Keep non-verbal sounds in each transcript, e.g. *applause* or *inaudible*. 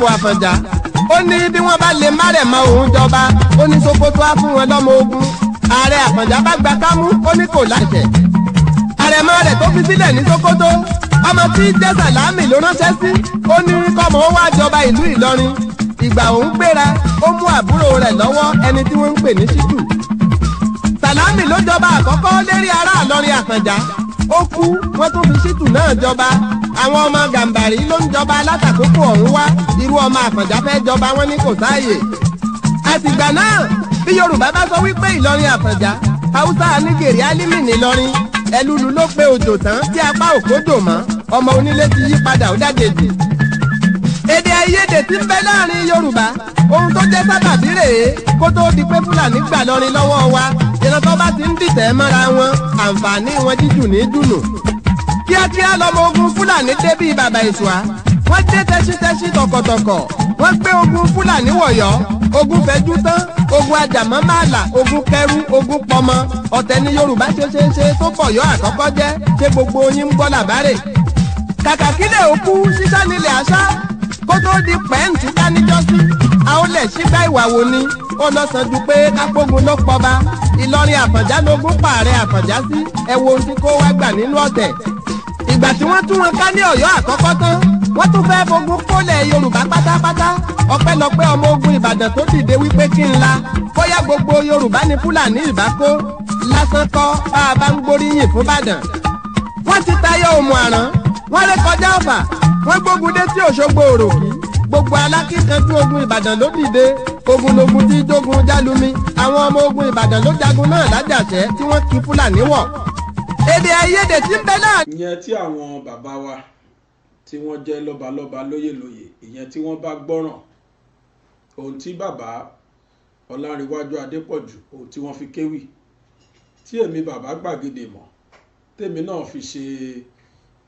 Ṣàngó Àfọ̀njá ó ní bí wọ́n bá lè má rẹ̀ mọ òun jọba ó ní Sókótó á fún wọn lọ́mọ ogun ààrẹ Àfọ̀njá bá gba kámú ó ní kò láṣẹ àrẹ̀mọ rẹ̀ tó fi sílẹ̀ ní Sókótó ọmọ tí jẹ́ Sàlámì ló ránṣẹ́ sí ó ní kọ́mọ ó wá jọba ìlú Ìlọrin ìgbà òun gbéra ó mú àbúrò rẹ̀ lọ́wọ́ ẹni tí wọ́n ń pè ní Ṣítù Sàlámì ló jọba àkọ́kọ́ lérí ará Ìlọrin ó kú wọ́n tún fi Ṣítù náà jọba àwọn ọmọ gàǹbàrí ló ń jọba látàkókò ọ̀hún wá irú ọmọ àfọ̀njá fẹ́ jọba wọn ní kò sáàyè. àtìgbà náà bí yorùbá bá sọ wípé ìlọrin àfọ̀njá haúsá anigeri alimi nìlọrin ẹlúlu ló pe òjò tán tí apá òkó dò mọ́ ọmọ onílé ti yí padà ó dàgèjì. èdè àìyedè ti ń bẹ láàrin yorùbá ohun tó jẹ́ sábàbí rèé kó tó di pé fúlàní gbà lọrin lọ́wọ́ wa ìrántọ́ bá ti ń dìtẹ̀ mọ́ra wọn àǹfààní wọn jíjù ní dùnù kíákíá lọmọ ogun fúlàní débí bàbá ìṣùà wọ́n dé tẹ́sítẹ́sí tọkọ̀tọkọ̀ wọ́n gbé ogun fúlàní wọ̀yọ́ ogun fẹ́jú tán ogun ajàmọ́ máàlà ogun kẹrú ogun pọmọ ọ̀tẹ̀ ni yorùbá ṣe ṣe ṣe tó bọ̀yọ́ àkọ́kọ́ jẹ́ ṣé gbogbo yín ń gbọ́ làbárè. kàkà kílẹ̀ òkú sísá nílẹ̀ àṣá kó tó di pẹ́ǹtì dánijọ́sí a ó lẹ̀ sígbà ìwà wo ni ó lọ sàn ju pé kápógun ló pọba ìlọrin àfọ̀njá lógún pààrẹ àfọ̀njá sí ẹ wo ohun tí kó wá gbà nínú ọ̀tẹ̀ ìgbà tí wọ́n tún wọn ká ní ọ̀yọ́ àkọ́kọ́ tán wọ́n tún fẹ́ fogun kólẹ̀ yorùbá pátápátá ọpẹ́lọpẹ́ ọmọ ogun ìbàdàn tó dìde wípé kí n la bóyá gbogbo yorùbá ní fúlàní ìbákó lásán kọ́ bá a bá ń gbóríyìn fún ìbàdàn. wọ́n ti tayọ òmù àrán wọ́n lé kọjá ọ̀fà wọ́n gbógun dé sí òṣogbo òròkì gbogbo alákìkanjú ogun ìbàdàn ló dìde ogunlogun tí jogun jálumi àwọn ọmọ ogun ìbàdàn ló jagun náà lájàṣẹ tí wọ́n kí fúlàní wọ̀ èdè àìyedè tí ń bẹ náà. ìyẹn tí àwọn bàbá wa tí wọ́n jẹ́ lọ́balọ́ba lóyèlóyè ìyẹn tí wọ́n bá gbọ́ràn ohun tí bàbá ọlárẹ̀wájú adépọ̀jù ohun tí wọ́n fi kéwì tí èmi bàbá gbàgede mọ̀ tèmi náà fi ṣe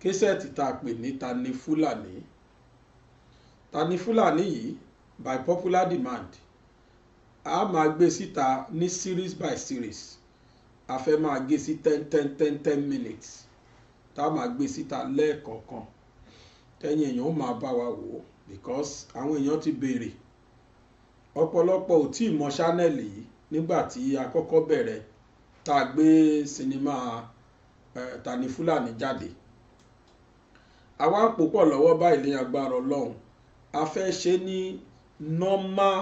késẹ́ẹ̀tì tá a pè ní tani fúlàní tani fúlàní yìí by popular demand a máa gbé síta ní series by series a fẹ́ máa gé sí ten ten ten ten minutes tá a máa gbé síta lẹ́ẹ̀kọ̀ọ̀kan tẹ́yìn èèyàn ó máa bá wa wò ó because àwọn èèyàn ti béèrè ọ̀pọ̀lọpọ̀ ò tí ì mọ ṣánẹ́ẹ̀lì yìí nígbà tí a kọ́kọ́ bẹ̀rẹ̀ tá a gbé sinimá Tani Fúlàní jáde àwa ń pòpọ̀ lọ́wọ́ báyìí lẹ́yìn agbára ọlọ́run a fẹ́ ṣe ní normal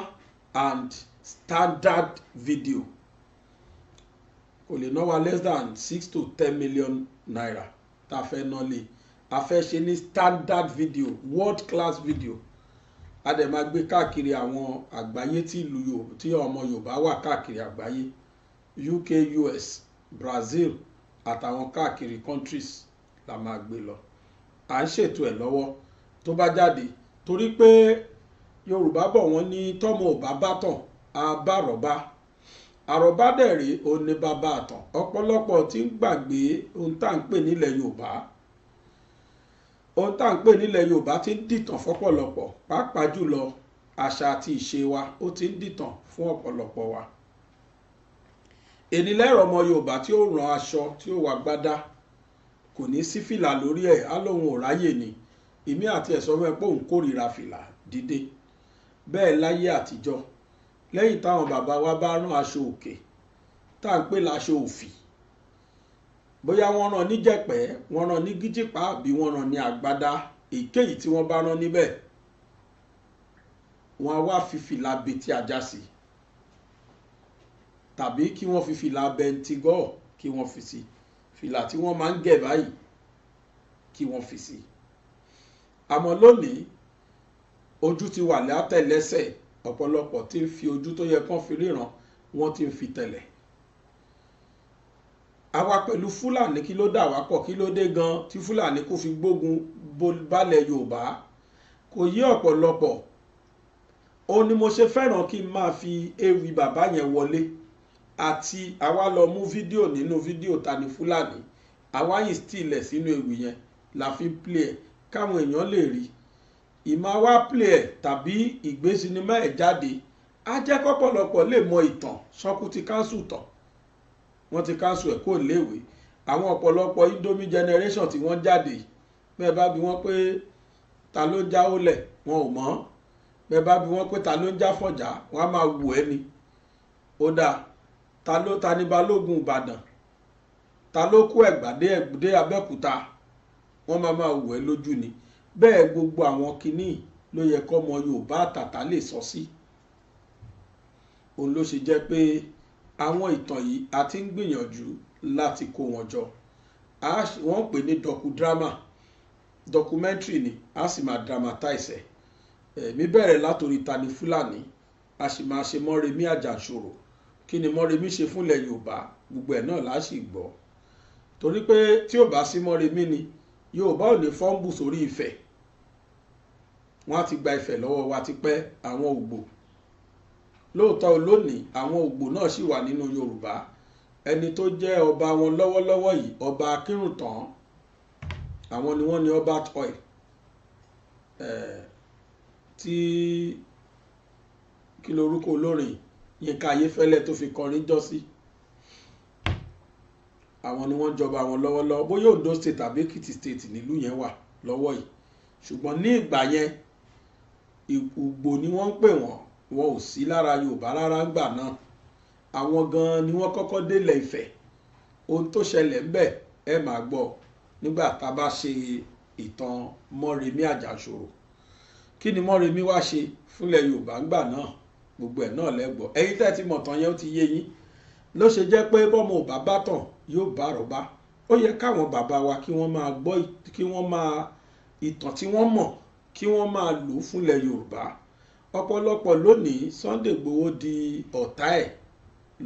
and standard video kò lè ná less than six to ten million naira tá a fẹ́ ná lé a fẹ́ ṣe ní standard video world class video a dẹ̀ máa gbé káàkiri àwọn àgbáyé tí ìlú tí ọmọ Yorùbá wà káàkiri àgbáyé UK US Brazil àtàwọn káàkiri countries la máa gbé lọ à ń ṣètò ẹ̀ lọ́wọ́ tó bá jáde torí pé Yorùbá bọ̀ wọ́n ní tọ́mọ ò bá bá tàn á bá rọ̀ bá àròbá dẹ̀ rèé òun ni bàbá àtàn ọ̀pọ̀lọpọ̀ ti ń gbàgbé ohun tá à ń pè nílẹ̀ yorùbá ohun tá à ń pè nílẹ̀ yorùbá ti ń dìtàn fọ́pọ̀lọpọ̀ pàápàá jùlọ àṣà àti ìṣe wa ó ti ń dìtàn fún ọ̀pọ̀lọpọ̀ wa èdè lẹ́rọ̀ ọmọ yorùbá tí ó rán aṣọ tí ó wà gbádá kò ní sí fìlà lórí ẹ̀ á lóun ò ráyè ni èmi àti ẹ̀sọ́ mẹ́pọ̀ òun kórìíra fìlà dídé bẹ́ẹ̀ láyé àtijọ́ lẹ́yìn táwọn bàbá wa bá rán aṣọ òkè tá à ń pè láṣọ òfì bóyá wọ́n rán ní jẹ̀pẹ́ wọ́n rán ní gíjìpá àbí wọ́n rán ní àgbádá èyíkéyìí tí wọ́n bá rán níbẹ̀ wọ́n á wá fi fìlà betí ajá sí tàbí kí wọ́n fi fìlà bentigọ́ kí wọ́n fi sí fìlà tí wọ́n máa ń gẹ̀ báyìí kí wọ́n fi sí àmọ́ lónìí ojú ti wà látẹ̀lẹ́sẹ̀ ọ̀pọ̀lọpọ̀ tí ń fi ojú tó yẹ kán fi ríran wọ́n ti ń fi tẹ̀lẹ̀ àwa pẹ̀lú fúlàní kí ló dà wá pọ̀ kí ló dé gan tí fúlàní kò fi gbógun balẹ̀ yorùbá kò yí ọ̀pọ̀lọpọ̀ ó ní mo ṣe fẹ́ràn kí n máa fi ewì bàbá yẹn wọlé àti àwa lọ mú fídíò nínú fídíò ta ni fúlàní àwa yìí stílẹ̀ sínú ewì yẹn la fi ń play káwọn èèyàn lè rí i ìmáa wá play ẹ̀ tàbí ìgbé sinimá ẹ̀ jáde á jẹ́ kọ́pọ̀lọpọ̀ lè mọ ìtàn sọ́kù ti káńsù tàn wọ́n ti káńsù ẹ̀ kó léèwé àwọn ọ̀pọ̀lọpọ̀ indomie generation tí wọ́n jáde bẹ́ẹ̀ bá bí wọ́n pé ta ló ń já olẹ̀ wọn ò mọ̀ bẹ́ẹ̀ bá bí wọ́n pé ta ló ń já fọ̀já wọ́n á máa wù ẹ́ ni ó dáa ta ló ta ní balógun ìbàdàn ta ló kó ẹ̀gbà dé abẹ́òkúta wọ́n máa máa wù ẹ́ lójú ni bẹ́ẹ̀ gbogbo àwọn kinní ló yẹ kọ́mọ Yorùbá àtàtà lè sọ sí òun ló ṣe jẹ́ pé àwọn ìtàn yìí a ti ń gbìyànjú láti kó wọn jọ wọ́n pè ní docudrama documentary ni a sì máa dramatize ẹ̀ èmi bẹ̀rẹ̀ látòrí Tani Fúlàní a sì máa ṣe Mọ́remí Àjàṣorò kí ni Mọ́remí ṣe fúnlẹ̀ Yorùbá gbogbo ẹ̀ náà láà sì gbọ́ torí pé tí ò bá sí Mọ́remí ni yorùbá ò lè fọ́ǹbù sórí ìfẹ́ wọ́n á ti gba ìfẹ́ lọ́wọ́ wa ti pẹ́ àwọn ògbò lóòótọ́ lónìí àwọn ògbò náà sì wà nínú yorùbá ẹni tó jẹ́ ọba wọn lọ́wọ́lọ́wọ́ yìí ọba akírùntàn àwọn ni wọ́n ní ọba toy tí kí lorúkọ olórin yínká ayéfẹ́lẹ́ tó fi kọrin jọ́sí. Si àwọn ni wọ́n jọba àwọn lọ́wọ́lọ́wọ́ bóyá Ondo state tàbí Èkìtì state nílùú yẹn wà lọ́wọ́ yìí ṣùgbọ́n ní ìgbà yẹn Ìgbò ni wọ́n ń pè wọ́n wọn ò sí lára Yorùbá rárá gbà náà àwọn gan-an ni wọ́n kọ́kọ́ délẹ̀ Ifẹ̀ ohun tó ṣẹlẹ̀ ńbẹ̀ ẹ máa gbọ́ nígbà tá a bá ṣe ìtàn Mọ́remí Àjàṣorò kí ni Mọ́remí wá ṣe fúnlẹ̀ Yorùbá ńgbà náà gbogbo ẹ̀ náà lẹ́gbọ́ ẹ̀yin tẹ́ ti mọ̀ yẹn ó ti yé yín ló ṣe jẹ́ pé bọ́mọ ò bá bá tàn yóò bá àrọ́bá ó yẹ káwọn bàbá wa kí wọ́n máa gbọ́ kí wọ́n máa ìtàn tí wọ́n mọ̀ kí wọ́n máa lò ó fúnlẹ̀ yorùbá ọ̀pọ̀lọpọ̀ lónìí Sunday Igboho di ọ̀tá ẹ̀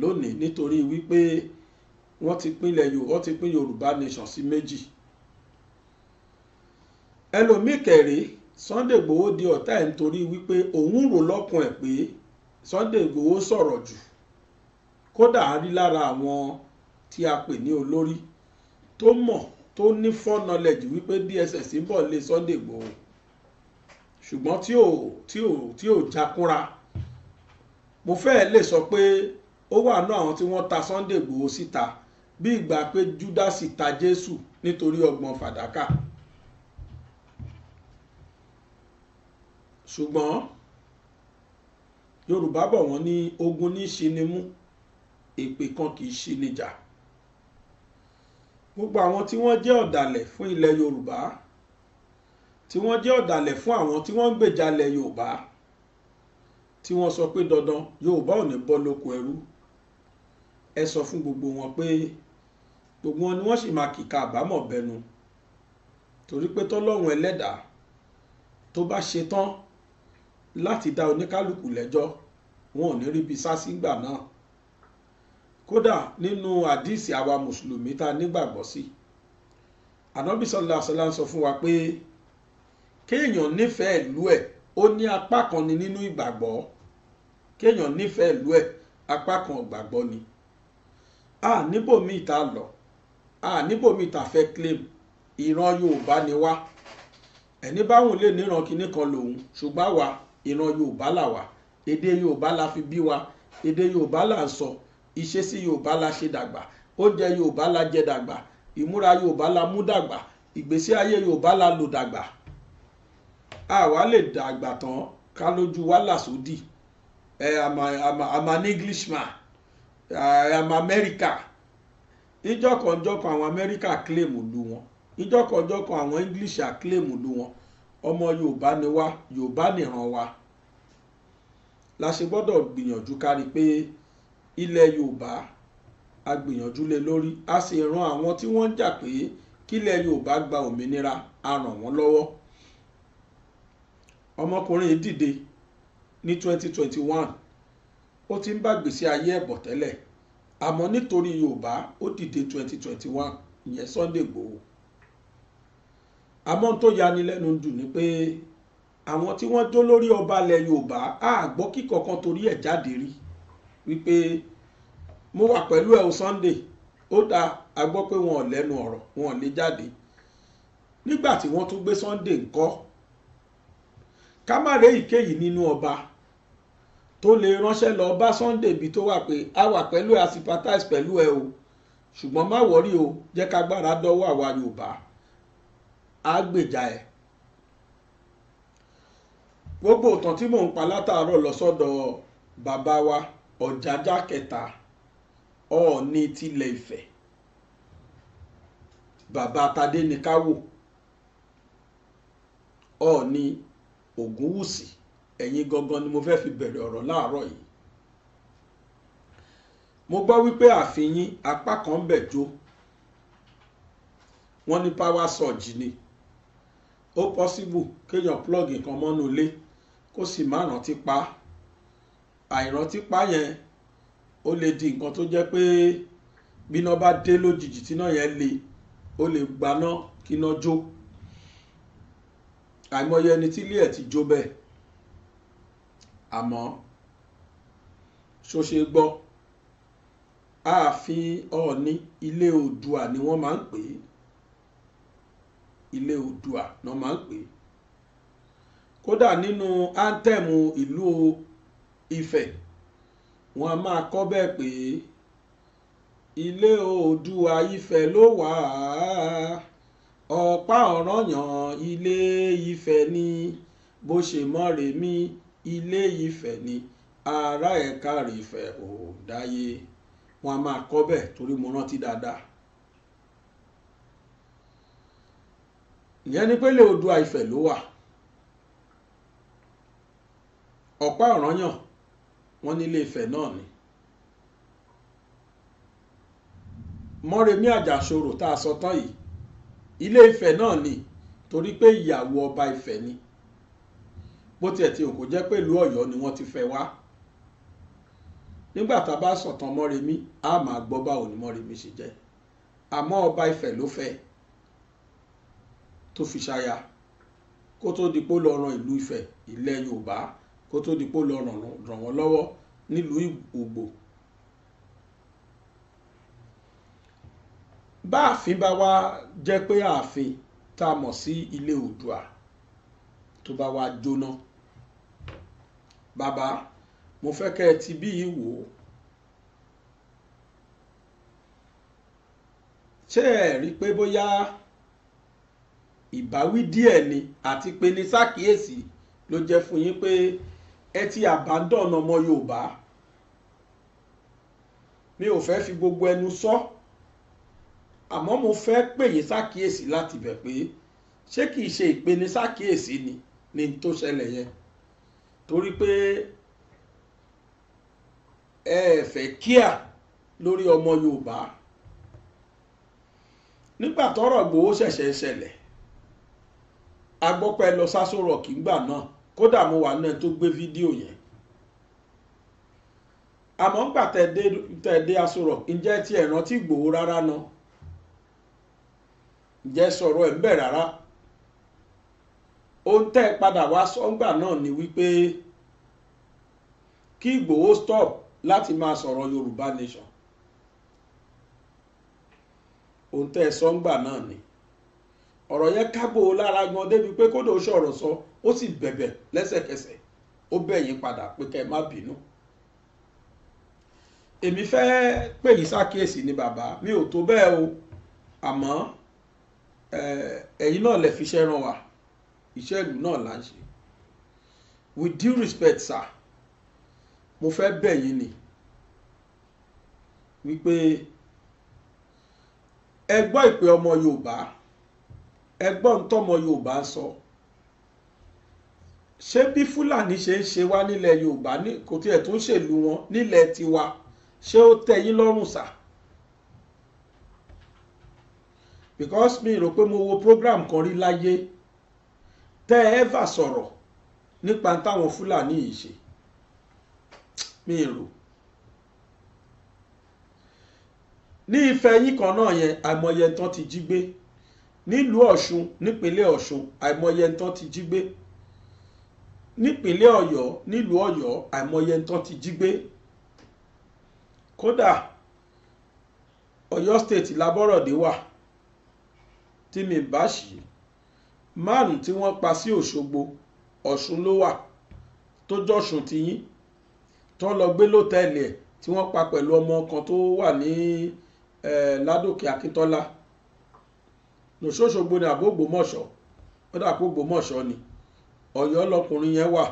lónìí nítorí wípé wọ́n ti pínlẹ̀ yorùbá ti pín yorùbá nation sí méjì ẹlòmíì kẹrì Sunday Igboho di ọ̀tá ẹ̀ nítorí wípé òun rò lọ́kàn ẹ̀ pé Sunday Igboho sọ̀rọ̀ jù kódà á rí lára àwọn tí a pè ní olórí tó mọ̀ tó ní foreknowledge wípé DSS ń bọ̀ lé Sunday Igboho ṣùgbọ́n tí ò tí ò tí ò jakúnra mo fẹ́ẹ́ lè sọ pé ó wà náà àwọn tí wọ́n ta Sunday Igboho síta bí ìgbà pé Júdásì ta Jésù nítorí ọgbọ̀n fàdákà ṣùgbọ́n Yorùbá bọ̀ wọ́n ní ogun ní ṣinimú èpè kan kì í ṣinijà. Ja gbogbo àwọn tí wọ́n jẹ́ ọ̀dàlẹ̀ fún ilẹ̀ yorùbá tí wọ́n jẹ́ ọ̀dàlẹ̀ fún àwọn tí wọ́n ń gbèjà ilẹ̀ yorùbá tí wọ́n sọ pé dandan yorùbá ò ní bọ́ lóko ẹrú ẹ sọ fún gbogbo wọn pé gbogbo wọn ni wọ́n sì máa kìka àbámọ̀ bẹnu torí pé tọ́lọ́run ẹlẹ́dàá tó bá ṣe tán láti dá oníkálukú lẹ́jọ́ wọn ò ní ríbi sá sígbà náà kódà nínú àdíìsì àwa mùsùlùmí ta nígbàgbọ́ sí ànábì sallallahu alaihi wasallam sọ fún wa pé kéèyàn nífẹ̀ẹ́ ìlú ẹ̀ ó ní apá kan ni nínú ìgbàgbọ́ kéèyàn nífẹ̀ẹ́ ìlú ẹ̀ apá kan ìgbàgbọ́ ni a níbòmíì ta lọ a níbòmíì ta fẹ́ claim ìran Yorùbá ni wá ẹni báwọn lè níran kinní kan lòun ṣùgbọ́n wa ìran Yorùbá là wà èdè Yorùbá la fi bí wa èdè Yorùbá là ń sọ so ìṣesí yorùbá la ṣe dàgbà oúnjẹ yorùbá la jẹ dàgbà ìmúra yorùbá la mú dàgbà ìgbésí ayé yorùbá la lò dàgbà àwa lè dàgbà tán ká lójú wa làsódì ẹ àmà àmà àmà ní englishman àmà amẹ́ríkà ìjọkànjọkàn àwọn amẹ́ríkà claim lu wọn ìjọkànjọkàn àwọn english claim lu wọn ọmọ yorùbá ni wá yorùbá nìran wa la ṣe gbọ́dọ̀ gbìyànjú kárí pé ilẹ̀ yorùbá a gbìyànjú lé lórí a sì ran àwọn tí wọ́n ń jà pé kílẹ̀ yorùbá gba òmìnira a ràn wọ́n lọ́wọ́ ọmọkùnrin dìde ní 2021 ó ti ń bá gbèsè ayé ẹ̀bọ̀ tẹ́lẹ̀ àmọ́ nítorí yorùbá ó dìde 2021 ìyẹn Sunday Igboho àmọ́ tó yani lẹ́nu dùn ni pé àwọn tí wọ́n jó lórí ọba ilẹ̀ yorùbá a gbọ́ kíkọ̀ọ̀kan torí ẹ̀ jáde rí wípé mo wà pẹ̀lú ẹ̀ o Sunday ó da a gbọ́ pé wọn ò lẹ́nu ọ̀rọ̀ wọn ò lè jáde nígbà tí wọ́n tún gbé Sunday ńkọ́ ká má rẹ́ ìkéyìí nínú ọba tó lè ránṣẹ́ lọ bá Sunday ibi tó wà pé a wà pẹ̀lú ẹ̀ a sympathize pẹ̀lú ẹ̀ o ṣùgbọ́n má wọ́rí o jẹ́ ká gbára dọ́wọ́ àwa Yorùbá á gbèjà ẹ̀ gbogbo ìtàn tí mò ń pa látàárọ̀ lọ sọ́dọ̀ bàbá wa ọ̀jájá kẹta ọ̀ọ́ni tilẹ̀ ìfẹ́ bàbá tadé ni ká wò ọ̀ọ́ni ògúnwùsì ẹ̀yin gangan ni mo fẹ́ fi bẹ̀rẹ̀ ọ̀rọ̀ láàárọ̀ yìí mo gbọ́ wípé ààfin yín apá kan bẹ̀ jó wọ́n ní power surge ni ó possible kéèyàn plug nǹkan mọ́nú ilé kó sì má rántí pa á àìrọ́típa yẹn ó lè di nǹkan tó jẹ́ pé bíná bá dé lójijì tíná yẹn le ó lè gbaná kíná jó àìmọye ẹni tí ilé ẹ̀ ti jó bẹ́ẹ̀ àmọ́ ṣó ṣe gbọ́ ààfin ọ̀ọ́ni ilé oòdùà ni wọ́n máa ń pè é ilé oòdùà ni wọ́n máa ń pè é kódà nínú áńtẹ̀mù ìlú Ifẹ̀ wọn a máa kọ bẹ́ẹ̀ pé ilé Oòduà Ifẹ̀ ló wà á ọ̀pá ọ̀rànyàn ilé Ifẹ̀ ni bó ṣe mọ́ rèmi ilé Ifẹ̀ ni ara ẹ̀ka rìfẹ̀ ò dáyé wọn a máa kọ bẹ́ẹ̀ torí mo rántí dáadáa. ìyẹn ni pé ilé Oòduà Ifẹ̀ ló wà ọ̀pá ọ̀rànyàn wọ́n nílé Ifẹ̀ náà ni Mọ́remí Àjàsorò tá a sọ tán yìí ilé Ifẹ̀ náà ni torí pé ìyàwó ọba Ifẹ̀ ni bó tiẹ̀ ti òkò jẹ́ pẹ̀lú Ọ̀yọ́ ni wọ́n ti fẹ́ wá nígbà tá a bá sọ̀tàn Mọ́remí a máa gbọ́ báwo ni Mọ́remí ṣe jẹ́ àmọ́ ọba Ifẹ̀ ló fẹ́ tó fi ṣaya kó tó di pé ó lọ ran ìlú Ifẹ̀ ilẹ̀ Yorùbá kó tó di pé ó lọ ràn wọ́n lọ́wọ́ nílùú Ògbò. báàfin bá wá jẹ́ pé ààfin tá a mọ̀ sí ilé Oòduà tó bá wá jóná bàbá mo fẹ́ kẹ́ ẹ ti bí yìí wò ó ṣé ẹ rí i pé bóyá ìbáwí díẹ̀ ni àti pé ní sákìyèsí ló jẹ́ fún yín pé ẹ ti abandon ọmọ Yorùbá mi ò fẹ́ fi gbogbo ẹnu sọ àmọ́ mo fẹ́ pèyí sákìyèsí láti bẹ̀ pé ṣé kìí ṣe ìpeni sákìyèsí ni ni tó ṣẹlẹ̀ yẹn torí pé ẹ fẹ́ kíà lórí ọmọ Yorùbá nígbà tọ́rọ̀ Ìgbòho ṣẹ̀ṣẹ̀ ṣẹlẹ̀ agbọ́pẹ́ lọ sásòrò kìngbà náà kódà mo wà náà tó gbé fídíò yẹn àmọ́ ń gbà tẹ̀dé aṣọ rock ǹjẹ́ ti ẹ̀ rántí Ìgbòho rárá náà ǹjẹ́ sọ̀rọ̀ ẹ̀ ń bẹ̀ rárá ohun tẹ́ ẹ padà wá sọ́ngbà náà ni wípé kí Ìgbòho stop láti máa sọ̀rọ̀ Yorùbá nation ohun tẹ́ ẹ sọ́ngbà náà ni. ọ̀rọ̀ yẹn kágbó lára gan débi pé kódà ó ṣọ̀rọ̀ sọ ó sì bẹ̀bẹ̀ lẹ́sẹ̀kẹsẹ̀ ó bẹ̀yìn padà pé kẹ́ ẹ má bínú èmi fẹ́ pè yín ṣàkíyèsí ni bàbá mi ò tó bẹ́ẹ̀ o àmọ́ ẹ̀yin náà lè fiṣẹ́ ràn wá iṣẹ́ ìlú náà là ń ṣe with due respect sir mo fẹ́ bẹ̀ ni wípé ẹ gbọ́ ìpè ọmọ Yorùbá ẹgbọ́n tọmọ yorùbá sọ ṣé bí fúlàní ṣe ń ṣe wá nílẹ̀ yorùbá kò tiẹ̀ tún ṣèlú wọn nílẹ̀ tiwa ṣé ó tẹ́ yín lọ́rùn sá because mi rò pé mo wo program kan rí láyé tẹ́ ẹ fà sọ̀rọ̀ nípa táwọn fúlàní yìí ṣe mi rò ní ìfẹ́ yín kan náà yẹn àìmọye tán ti jí gbé nílùú ọ̀ṣun nípínlẹ̀ ọ̀ṣun àìmọye ntán ti jí gbé nípínlẹ̀ ọ̀yọ́ nílùú ọ̀yọ́ àìmọye ntán ti jí gbé kódà ọ̀yọ́ state labọ́rọ̀dé wà tí mi bá ṣì márùn tí wọ́n pa sí òṣogbo ọ̀ṣun ló wà tó jọ̀ṣun ti yín tó lọ gbé lọ́tẹ̀ẹ̀lì ẹ̀ tí wọ́n pa pẹ̀lú ọmọ kan tó wà ní ládòkè akíntọ́lá lòṣòṣogbo ni àbógbòmọ̀ṣọ́ ó dà kó gbòmọ̀ṣọ́ ni ọ̀yọ́ lọkùnrin yẹn wà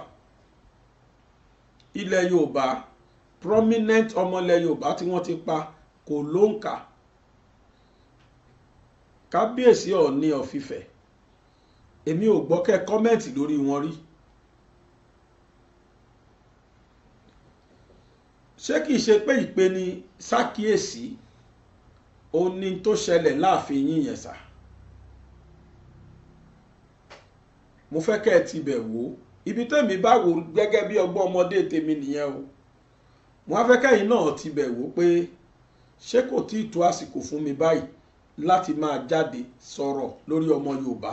ilẹ̀ yorùbá prominent ọmọ ilẹ̀ yorùbá tí wọ́n ti pa kò lóǹkà kábíyèsí ọ̀ọ́ni ọ̀fìfẹ́ èmi ò gbọ́ kẹ́ kọ́mẹ́ǹtì lórí wọn rí ṣé kìí ṣe pé ìpeni ṣàkíyèsí òun ni tó ṣẹlẹ̀ láàfin yín sáà mo fẹ́ kẹ́ ẹ ti bẹ̀ wò ibi tèmi bá wò gẹ́gẹ́ bí ọgbọ́n ọmọdé tèmi nìyẹn o mo wá fẹ́ kẹ́yìn náà ti bẹ̀ wò pé ṣé kò tí ì tó àsìkò fún mi báyìí láti máa jáde sọ̀rọ̀ lórí ọmọ Yorùbá.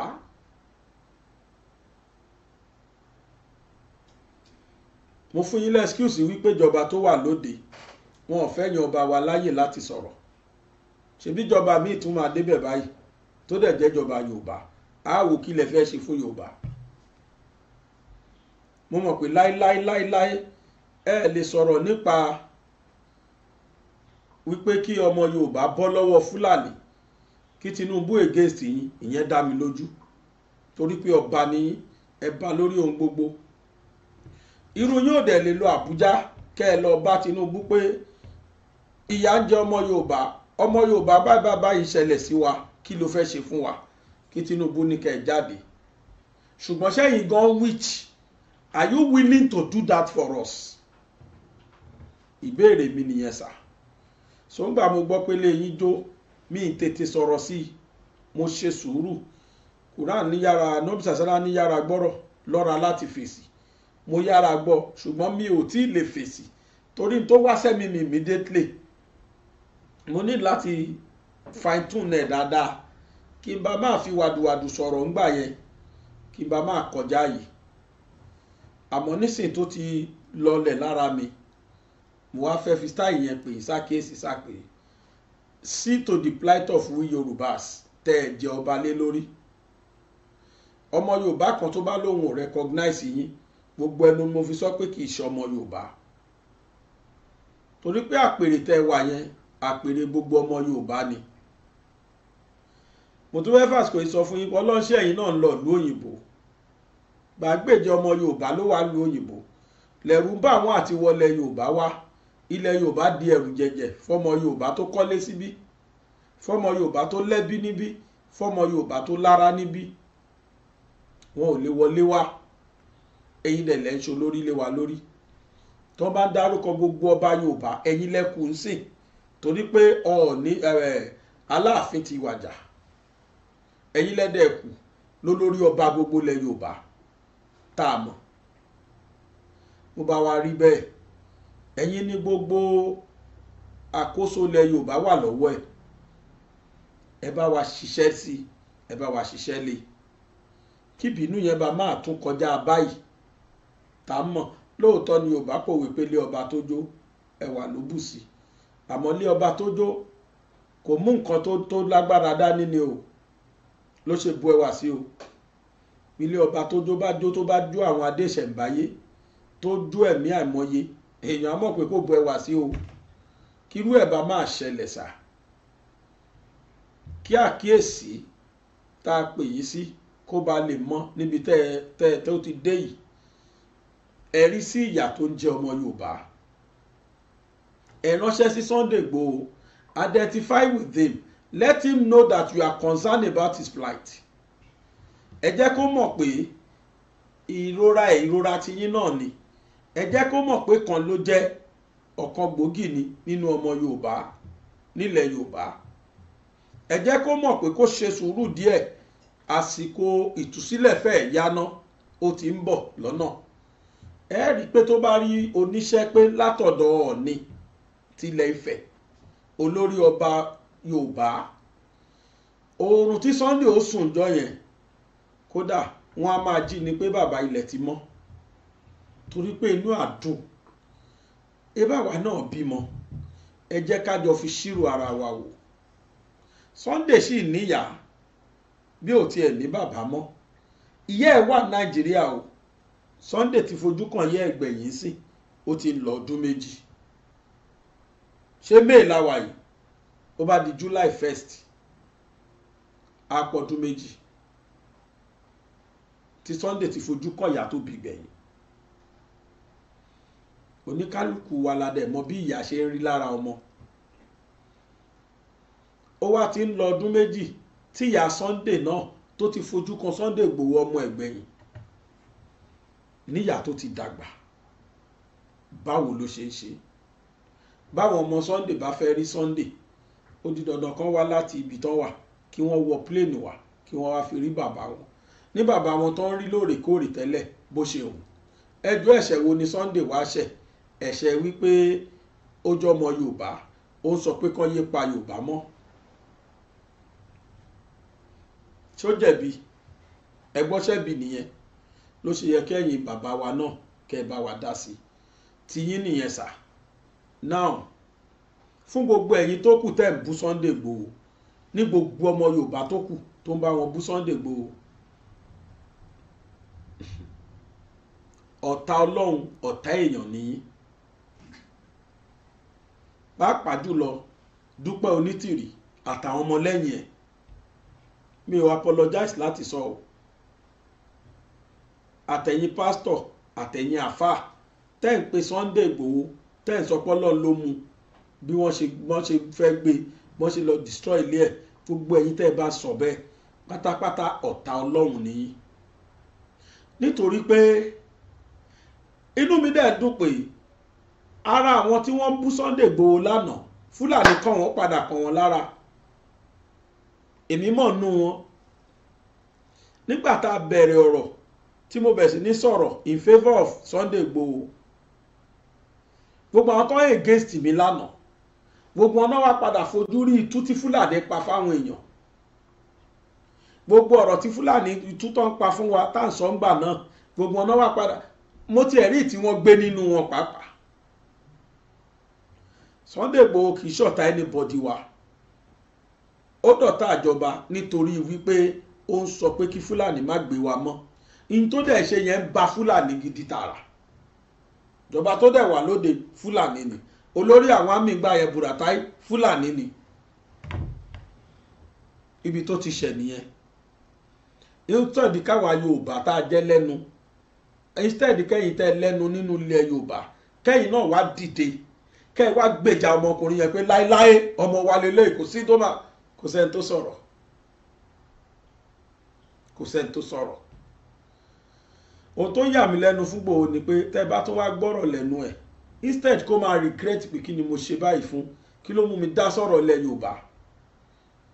mo fún yín lẹ́skíùsì wípé ìjọba tó wà lóde wọn ò fẹ́ yan ọba wa láyè láti sọ̀rọ̀ ṣebí ìjọba míì tún máa débẹ̀ báyìí tó dẹ̀ jẹ́ ìjọba Yorùbá àá wò kí lẹ fẹ́ ṣe fún Yorùbá mo mọ̀ pé láíláíláíláí ẹ lè sọ̀rọ̀ nípa wípé kí ọmọ Yorùbá bọ́ lọ́wọ́ Fúlàní kí Tinubu against yín ìyẹn dá mi lójú torí pé ọba ni ẹ bá lórí ohun gbogbo irú yóò dẹ̀ lè lọ Àbújá kẹ́ ẹ lọ bá Tinubu pé ìyà ń jẹ ọmọ Yorùbá ọmọ Yorùbá báyìí báyìí ṣẹlẹ̀ sí wa kí ló fẹ́ ṣe fún wa kí Tinubu ní kẹ́ ẹ jáde ṣùgbọ́n sẹ́yìn gan witch are you willing to do that for us ìbéèrè mi nìyẹn sà sóńgbà mo gbọ́ pé lẹ́yìn jó mi ì tètè sọ̀rọ̀ sí i mo ṣe sùúrù Quran níyàrá nobi sasana níyàrá gbọ́rọ̀ lọ́ra láti fèsì mo yára gbọ́ ṣùgbọ́n mi ò tí ì lè fèsì torí tó wá sẹ́mi mi immediately mo ní láti fine tune ẹ̀ dáadáa kí n bá máa fi wàdùwàdù sọ̀rọ̀ ńgbà yẹn kí n bá máa kọjá yìí àmọ́ nísìnyí tó ti lọlẹ̀ lára mi mo wá fẹ́ fi style yẹn pè sákèésì sápè see to the plight of we Yorùbás tẹ́ ẹ̀ jẹ́ ọba lé lórí ọmọ Yorùbá kan tó bá lóun ò recognize yín gbogbo ẹnu mo fi sọ pé kì í ṣe ọmọ Yorùbá torí pé àpèrè tẹ́ wà yẹn àpèrè gbogbo ọmọ Yorùbá ni mo tún fẹ́ fàsìkò ìsọfún yín ọlọ́ṣẹ́ yìí náà ń lọ ìlú òyìnbó gbàgbéjọ ọmọ yorùbá ló wàá lu òyìnbó lẹ́rù ń bá wọn àti wọlé yorùbá wá ilẹ̀ yorùbá di ẹ̀rù jẹ̀jẹ̀ fọmọ yorùbá tó kọ́lé síbí fọmọ yorùbá tó lẹ́bí níbí fọmọ yorùbá tó lára níbí wọn ò lè wọlé wá ẹ̀yin dẹ̀ lẹ́ ń ṣe olórí lé wa lórí tó bá ń dárúkọ gbogbo ọba yorùbá ẹ̀yin lẹ́kùn ń sìn torí pé ọ̀ọ́ni aláàfin ti wàjà ẹ̀yin lẹ́dẹ̀ẹ́kù lólórí ọba gbogbo lẹ̀ yorùbá tá a mọ̀ mo bá wa rí bẹ́ẹ̀ ẹ̀yin ní gbogbo àkóso ilẹ̀ Yorùbá wà lọ́wọ́ ẹ̀ ẹ bá wa ṣiṣẹ́ sí i ẹ bá wa ṣiṣẹ́ lé e. kí ìbínú yẹn bá máa tún kọjá báyìí tá a mọ̀ lóòótọ́ ni Yorùbá pòwe pé lé ọba tó jó ẹwà ló bù sí àmọ́ lé ọba tó jó kò mú nǹkan tó lágbára dání ni o ló ṣe bu ẹwà sí o ilé ọba tójó bá jó tó bá jó àwọn adéṣẹ̀ǹbáyé tó jó ẹ̀mí àìmọye èèyàn á mọ̀ pé kò bu ẹwà sí o kírú ẹ̀ bá máa ṣẹlẹ̀ sá kí àkíyèsí tá a pè yí sí kó ba lè mọ níbi tẹ́ ẹ tó ti dé yìí ẹ̀rí sí ìyà tó ń jẹ ọmọ Yorùbá ẹ ránṣẹ́ sí Sunday Igboho identify with him let him know that you are concerned about his plight ẹ jẹ́ kó mọ̀ pé ìrora ẹ̀ ìrora tiyín náà ni ẹ jẹ́ kó mọ̀ pé kan ló jẹ́ ọ̀kan gbòógì ni nínú ọmọ Yorùbá nílẹ̀ Yorùbá ẹ jẹ́ kó mọ̀ pé kó ṣe sùúrù díẹ̀ àsìkò ìtúsílẹ̀ fẹ́ yáná ó ti ń bọ̀ lọ́nà ẹ rí i pé tó bá rí oníṣẹ́ pé látọ̀dọ̀ Ọọ̀ni tilẹ̀ Ifẹ̀ olórí ọba Yorùbá oorun tí Sunday ó sùn jọ yẹn kódà wọ́n á máa jí ni pé bàbá ilẹ̀ ti mọ́ torí pé inú àdùn ebá wa náà bímọ ẹ jẹ́ ká jọ fi ṣírò ara wa wò Sunday sì níyà bí ò tiẹ̀ ní bàbá mọ́ ìyá ẹ̀ wà Nàìjíríà o Sunday ti fojú kan yẹ ẹgbẹ̀yìn sí ó ti lọ ọdún méjì ṣé may la wà yìí ó bá di July 1st àpọ̀dún méjì tí Sunday ti fojú kọ̀yà tó bí gbẹ̀yìn oníkálukú wa la dẹ̀ mọ̀ bí ìyá ṣe ń rí lára ọmọ ó wá ti ń lọ ọdún méjì tí ìyá Sunday náà tó ti fojú kan Sunday Igboho ọmọ ẹ̀gbẹ̀yìn níyà tó ti dàgbà báwo ló ṣe ń ṣe báwọn ọmọ Sunday bá fẹ́ rí Sunday ó di dandan kan wá láti ibi tán wà kí wọ́n wọ pléènì wá kí wọ́n wá fi rí bàbá wọn ní bàbá wọn tó ń rí lóòrèkóòrè tẹ́lẹ̀ bó ṣe hù ẹjọ́ ẹ̀ṣẹ̀ wo ni Sunday wá ṣẹ̀ ẹ̀ṣẹ̀ wípé ó jọmọ Yorùbá ó ń sọ pé kán yé pa Yorùbá mọ́ tí ó jẹ̀bi ẹgbọ́sẹ̀bi nìyẹn ló ṣe yẹ kẹ́yìn bàbá wa náà kẹ́ ẹ bá wa dá sí i tiyín nìyẹn sà now fún gbogbo ẹ̀yin tó kù tẹ́ ń bú Sunday Igboho ní gbogbo ọmọ Yorùbá tó kù tó ń bá wọn bú Sunday Igboho ọ̀tá ọlọ́run ọ̀tá èèyàn nìyí pàápàá jùlọ dúpẹ́ onítìrì àtàwọn ọmọlẹ́yìn ẹ̀ mi ò apologize láti sọ o àtẹ̀yìn pásítọ̀ àtẹ̀yìn àfáà tẹ́ ń pe Sunday Ìgbòho tẹ́ ń sọ pọ́lọ́ ló mu bí wọ́n ṣe wọ́n ṣe fẹ́ gbé wọ́n ṣe lọ destroy ilé ẹ̀ gbogbo ẹ̀yin tẹ́ ẹ bá sọ bẹ́ẹ̀ pátápátá ọ̀tá ọlọ́run nìyí nítorí pé inú mi dẹ̀ dùn pé ara àwọn tí wọ́n bú Sunday Igboho lánàá Fúlàní kan wọ́n padà kàn wọ́n lára èmi mọ̀ nú wọn nígbà tá a bẹ̀rẹ̀ ọ̀rọ̀ tí mo bẹ̀ sí ní sọ̀rọ̀ in favour of Sunday Igboho gbogbo àwọn kan against mi lánàá gbogbo wọn náà wá padà fojú rí itú tí Fúlàní pa fáwọn èèyàn gbogbo ọ̀rọ̀ tí fúlàní tútọ́ ń pa fún wa tá à ń sọ ń gbà náà gbogbo ọ̀nà wà padà mo ti ẹ̀rí tí wọ́n gbé nínú wọn pàápàá Sunday Igboho kì í ṣọ̀tá anybody wa ó dọ̀tá àjọba nítorí wípé ó ń sọ pé kí fúlàní má gbé wa mọ́ in tó dẹ̀ ṣe yẹn ń ba fúlàní gidi tààrà ìjọba tó dẹ̀ wà lóde fúlàní ni olórí àwọn àmì yẹn Buratai fúlàní ni ibi tó ti ṣẹ̀ nìyẹn instead káwa yorùbá tá a jẹ́ lẹ́nu instead kẹ́yìn tẹ́ lẹ́nu nínú ilẹ̀ yorùbá kẹ́yìn náà wá dìde kẹ́yìn wá gbèjà ọmọkùnrin yẹn pé láéláé ọmọ wa lélẹ́yìí kò sí tó máa kò sẹ́ni tó sọ̀rọ̀ kò sẹ́ni tó sọ̀rọ̀ ohun tó yà mí lẹ́nu fún Ìgbòho ni pé tẹ́ bá tún wá gbọ́rọ̀ lẹ́nu ẹ̀ instead kó máa regret pé kí ni mo ṣe báyìí fún kí ló mú mi dá sọ̀rọ̀ ilẹ̀ yorùbá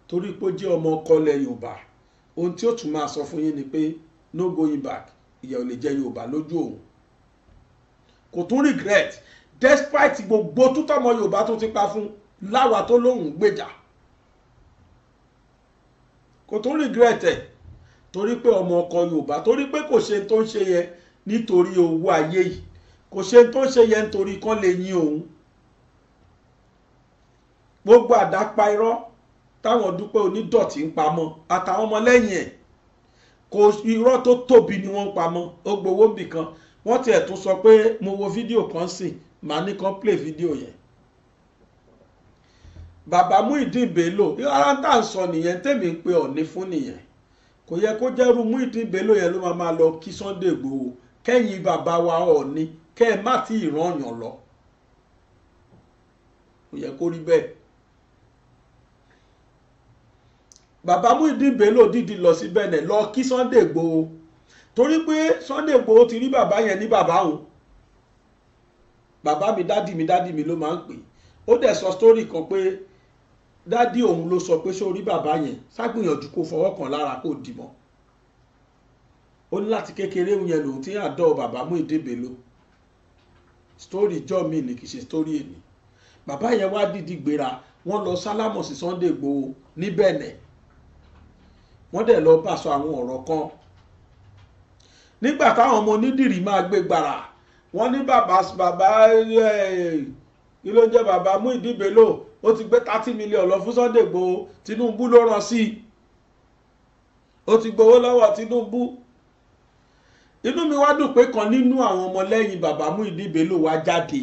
torí pé ó jẹ́ ọmọ ọkọ ilẹ̀ yorùbá ohun tí ó tún máa sọ fún yín ni pé no going back ìyà ò lè jẹ Yorùbá lójú òun kò tún regret despite gbogbo tútọ́mọ Yorùbá tó ti pa fún láwa tó lóhùn gbèjà kò tún regret ẹ̀ torí pé ọmọ ọkọ Yorùbá torí pé kò ṣe tó ń ṣe yẹ nítorí owó ayé yìí kò ṣe tó ń ṣe yẹ nítorí kán lè yín òun gbogbo àdápa irọ́ táwọn dúpẹ́ onídọ̀tí ń pamọ́ àtàwọn ọmọlẹ́yìn ẹ̀ kò irọ́ tó tóbi ni wọ́n ń pamọ́ ó gbowó bìkan wọ́n tiẹ̀ tún sọ pé mo wo fídíò kan sìn màá ní kan play fídíò yẹn bàbá Muyideen Bello ara tá à ń sọ nìyẹn tèmi ń pe Ọọ̀ni fún nìyẹn kò yẹ kó jẹ́rú Muyideen Bello yẹn ló máa máa lọ kí Sunday Igboho kẹ́yìn bàbá wa Ọọ̀ni kẹ́ ẹ má ti ìran yàn lọ kò yẹ kó rí bẹ́ẹ̀ bàbá Muyideen Bello dídì lọ sí Benin lọ kí Sunday Igboho torí pé Sunday Igboho ti rí bàbá yẹn ní bàbá òun bàbá mi dádì mi dádì mi ló máa ń pè ó dẹ̀ sọ sítórì kan pé dádì òun ló sọ pé ṣó rí bàbá yẹn ságbìyànjú kó fọwọ́ kàn lára kó dì mọ́ ó ní láti kékeré yẹn lòun ti àdọ́ bàbá Muyideen Bello sítórì jọ́ mi ni kì í ṣe sítórì èmi bàbá yẹn wá dídí gbéra wọ́n lọ sálámọ̀ sí Sunday Igboho ní Benin wọ́n dẹ̀ lọ bá sọ àwọn ọ̀rọ̀ kan nígbà táwọn ọmọ onídìrí máa gbé gbàrà wọ́n ní bàbá bàbá eh, kí ló ń jẹ́ bàbá Muideen Bello ó ti gbé thirty million lọ fún Sunday Igboho Tinubu ló rán sí i ó ti gbowó lọ́wọ́ Tinubu inú mi wá dùn pé kan nínú àwọn ọmọlẹ́yìn bàbá Muideen Bello wá jáde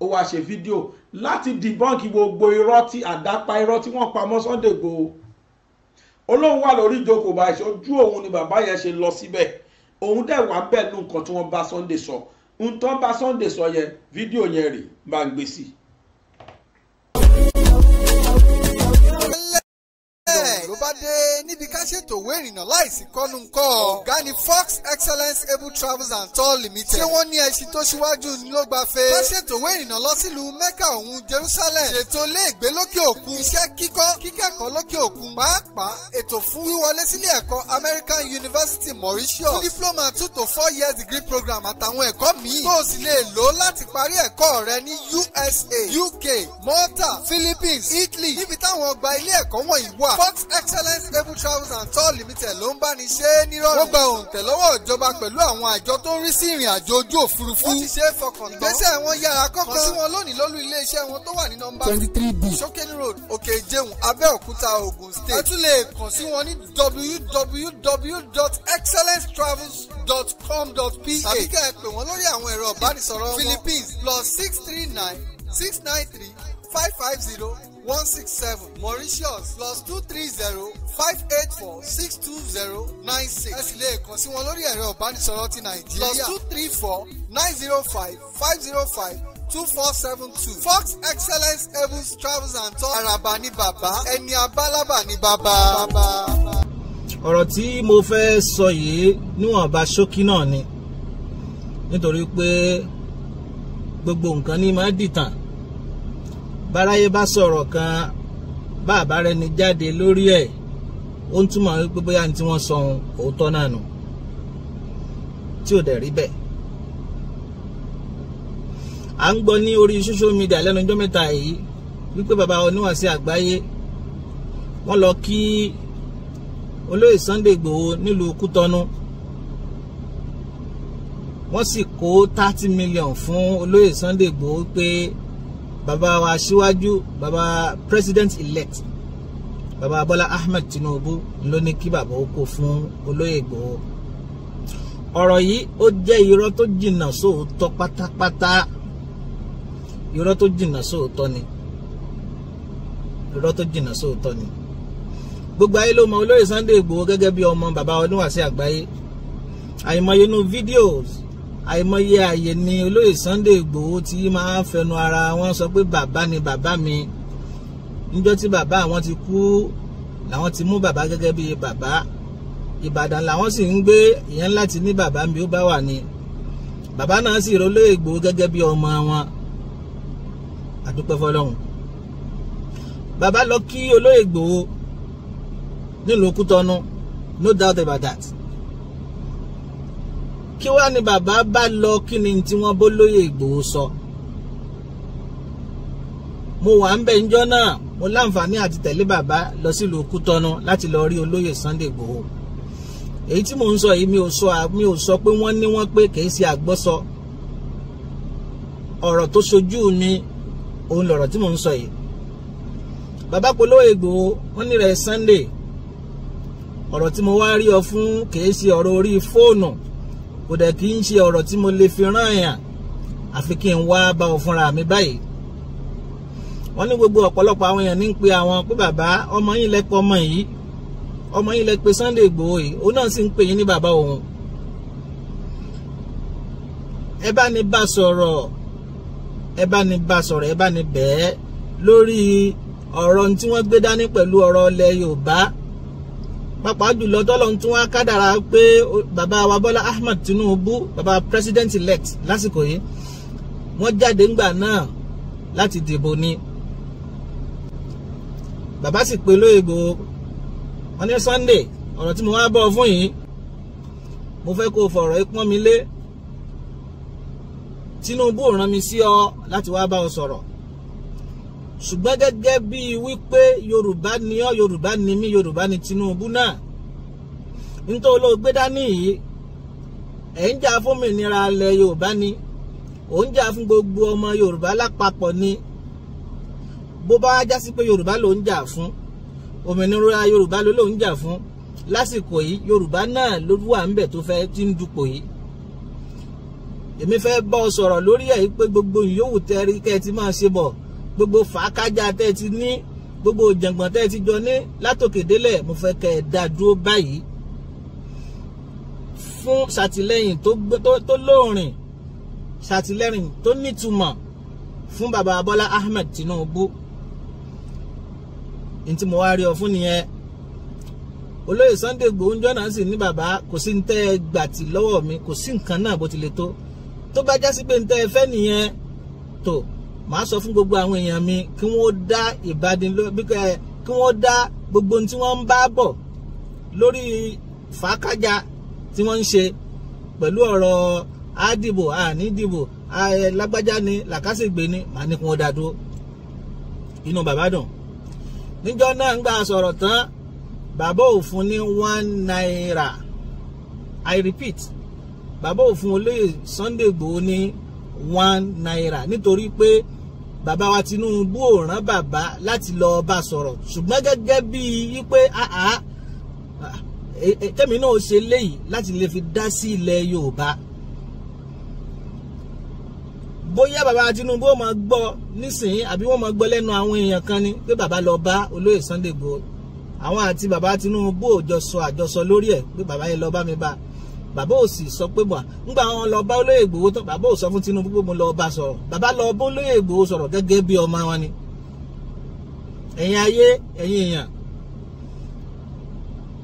ó wá ṣe fídíò láti debunk gbogbo irọ́ tí àdápa irọ́ tí wọ́n pamọ́ Sunday Igboho olóhùn wà lórí ìjókòó bá ṣe ojú òun ni bàbá yẹn ṣe lọ síbẹ̀ òun dẹ̀ wá bẹ́ẹ̀ nù nǹkan tí wọ́n bá Sunday sọ nǹkan bá Sunday sọ yẹn fídíò yẹn rè máa ń ló bá dé níbi ká ṣètò òwe ìrìnnà láìsí kọ́nu ńkọ́ ọ̀gá ni Fox Excellence Able Travels and Tour Limited ṣé wọ́n ní ẹṣin tó ṣíwájú ni ló gba fe ká ṣètò òwe ìrìnnà lọ sílùú Mecca òun Jerusalem ṣètò léègbé lókè òkun iṣẹ́ kíkọ́ kíkẹ́kọ̀ọ́ lókè òkun pàápàá ètò fún wíwọlé sílé ẹ̀kọ́ American University Mauritius fún diploma two to four years degree program àtàwọn ẹ̀kọ́ míì tó o sì lè lò láti parí ẹ̀kọ́ rẹ ní USA UK Malta Philippines Italy níbi táwọn ọgbà ilé ẹ̀kọ́ wọ̀nyí wà Fox excellence table travels and tour limited ló ń bá ní ṣe é nírọ̀rùn. wọ́n gba òǹtẹ̀ lọ́wọ́ ìjọba pẹ̀lú àwọn àjọ tó ń rí sí ìrìn àjò ojú òfurufú. wọ́n ti ṣe é fọkàn tán. ìgbésẹ̀ wọn yára kọ́kọ́. kàn sí wọn lónìí lólú iléeṣẹ́ wọn tó wà ní nọ́mbà. twenty three b Shokeni road òkè ìjẹun abẹ́òkúta Ògùn state. ẹ tún lè kàn sí wọn ní www.excellencetravels.com.ph tàbí kẹ́ ẹ pè wọ́n lórí àwọn ẹ̀rọ ìbánisọ̀rọ̀ Philippines six three nine six nine three five five zero one six seven Mauritius plus two three zero five eight four six two zero nine six. ẹ sì lè kàn sí wọn lórí ẹ̀rọ ìbánisọ̀rọ̀ ti nàìjíríà plus two three four nine zero five five zero five two four seven two Fox Excellence Evans Travels and Tours araba ní bàbá ẹni abálábà ní bàbá. ọ̀rọ̀ tí mo fẹ́ sọ yìí níwọ̀nba ṣókí náà ni nítorí pé gbogbo nǹkan ní máa dìtàn báráyé bá sọ̀rọ̀ kan bàbá rẹ ni jáde lórí ẹ̀ ó ń túmọ̀ wípé bóyá ní tí wọ́n sọ ohun òótọ́ náà nù tí ò dẹ̀ rí bẹ́ẹ̀. à ń gbọ́ ní orí social media lẹ́nu ọjọ́ mẹ́ta yìí wípé bàbá oníwàásí àgbáyé wọ́n lọ kí olóyè Sunday Igboho nílùú Kútọ́nú wọ́n sì kó thirty million fún olóyè Sunday Igboho pé. Baba wa aṣíwájú bàbá president elect baba Bọ́lá Ahmed Tinubu ló ní kí bàbá ó kó fún olóyè Ìgbòho ọ̀rọ̀ yìí ó jẹ́ irọ́ tó jìnnà sóòótọ́ pátápátá irọ́ tó jìnnà sóòótọ́ ni irọ́ tó jìnnà sóòótọ́ ni gbogbo ayé ló mọ olóyè Sunday Ìgbòho gẹ́gẹ́ bí ọmọ bàbá ọdún wàsí àgbáyé àìmọye inú fídíòs àìmọye ààyè ni olóyè Sunday Ìgbòho ti máa ń fẹnu ara wọn sọ pé bàbá ni bàbá mi níjọ́ tí bàbá àwọn ti kú làwọn ti mú bàbá gẹ́gẹ́ bí bàbá Ìbàdàn làwọn sì ń gbé ìyẹn láti ní bàbá mi ó bá wà ní bàbá náà sì rí olóyè Ìgbòho gẹ́gẹ́ bí ọmọ wọn àdúpẹ́ fọlọ́hún bàbá lọ kí olóyè Ìgbòho nílùú Kútọ́nù no doubt about that kí wàá ní bàbá bá lọ kí ni tí wọ́n bó lóye Ìgbòho sọ mo wà ń bẹ ńjọ́ náà mo láǹfààní àti tẹ̀lé bàbá lọ sílùú Kútọ́nù láti lọ rí olóyè Sunday Ìgbòho èyí tí mò ń sọ yìí mi ò sọ mi ò sọ pé wọ́n ní wọ́n pé kì í ṣe àgbọ́sọ ọ̀rọ̀ tó ṣojú mi òun lọ̀rọ̀ tí mò ń sọ yìí bàbá polówó Ìgbòho wọ́n ní rẹ̀ Sunday ọ̀rọ̀ tí mo wá rí ọ fún kì í ṣe ọ̀rọ̀ orí fóònù kò dẹ̀ kí n ṣe ọ̀rọ̀ tí mo lè fi rán èèyàn àfi kí n wá bá o fúnra mi báyìí wọ́n ní gbogbo ọ̀pọ̀lọpọ̀ àwọn èèyàn ní ń pe àwọn pé bàbá ọmọ yín lẹ́pọ̀ ọmọ yìí ọmọ yín lẹ pe Sunday Igboho yìí òun náà sì ń pè yín ní bàbá òun ẹ bá ní bá sọ̀rọ̀ ẹ bá ní bá sọ̀rọ̀ ẹ bá ní bẹ̀ẹ́ lórí ọ̀rọ̀ tí wọ́n gbé dání pẹ̀lú ọ̀rọ̀ ilẹ̀ Yorùbá pàápàá jùlọ tọ́lọ́run tún wá kádàrá pé bàbá wa Bọ́lá Ahmed Tinubu bàbá president elect lásìkò yìí wọ́n jáde ńgbà náà láti dìbò ni bàbá sì pé lóyègbò wọ́n ní Sunday ọ̀rọ̀ tí mo wá bọ̀ fún yìí mo fẹ́ kó o fọ̀rọ̀ ìpọ́n mi lé Tinubu rán mi sí ọ láti wá bá ọ sọ̀rọ̀ ṣùgbọ́n gẹ́gẹ́ bíi wípé yorùbá ni ọ́ yorùbá ni mí yorùbá ni Tinubu náà nítorí olóògbé dání yìí ẹ̀ ń jà fún mìnira ilẹ̀ yorùbá ni ò ń jà fún gbogbo ọmọ yorùbá lápapọ̀ ni bó bá wá jásí pé yorùbá ló ń jà fún òmìnira yorùbá ló ló ń jà fún lásìkò yìí yorùbá náà ló wà ń bẹ̀ tó fẹ́ tí ń dupò yìí èmi fẹ́ bá ọ sọ̀rọ̀ lórí ẹ̀ pé gbogbo ìyówù tẹ́rí kẹ́ ẹ ti máa ṣe bọ̀ gbogbo fàákájà tẹ́ ẹ ti ní gbogbo òjàngbọ̀n tẹ́ ẹ ti jọ ní látòkè délẹ̀ mo fẹ́ kẹ́ ẹ dá dúró báyìí fún ṣàtìlẹ́yìn tó lóòrìn ṣàtìlẹ́yìn tó nítumọ̀ fún baba Bọ́lá Ahmed Tinubu ní tí mo wá rí ọ fún nìyẹn olóyè Sunday Igboho ń jọ́nà sí ní bàbá kò sí ní tẹ́ ẹ gbà tì lọ́wọ́ mi kò sí nǹkan náà bó ti tó tó bá jásí pé ní tẹ́ nìyẹn tó màá sọ fún gbogbo àwọn èèyàn mi kí wọ́n dá ìbádínlóbìkẹ́ kí wọ́n dá gbogbo ohun tí wọ́n ń bá bọ̀ lórí fàákájà tí wọ́n ń ṣe pẹ̀lú ọ̀rọ̀ àdìbò ànídìbò lágbájá ni làkàṣègbè ni màá ní kí wọ́n dá dúró inú bàbá dùn níjọ́ náà ń gbà sọ̀rọ̀ tán bàbá ò ní one naira i repeat bàbá ò olóyè Sunday Igboho ní one naira nítorí pé bàbá wa Tinubu ò rán bàbá láti lọ bá sọ̀rọ̀ ṣùgbọ́n gẹ́gẹ́ bíi wípé àá tẹ́mi náà ṣe léyìí láti lè fi dá sí ilẹ̀ Yorùbá bóyá bàbá Tinubu ó máa gbọ́ nísìnyí àbí wọ́n máa gbọ́ lẹ́nu àwọn èèyàn kan ni pé bàbá lọ bá olóyè Sunday Igboho àwọn àti bàbá Tinubu ò jọ sọ àjọsọ lórí ẹ̀ pé bàbá yẹn lọ bá mi bá a bàbá ò sì sọ pé bọ̀ ńgbà wọn lọ bá olóyè Ìgbòho tán bàbá ò sọ fún Tinubu pé mo lọ bá sọ̀rọ̀ bàbá lọ bá olóyè Ìgbòho sọ̀rọ̀ gẹ́gẹ́ bí ọmọ wọn ni ẹ̀yin ayé ẹ̀yin èèyàn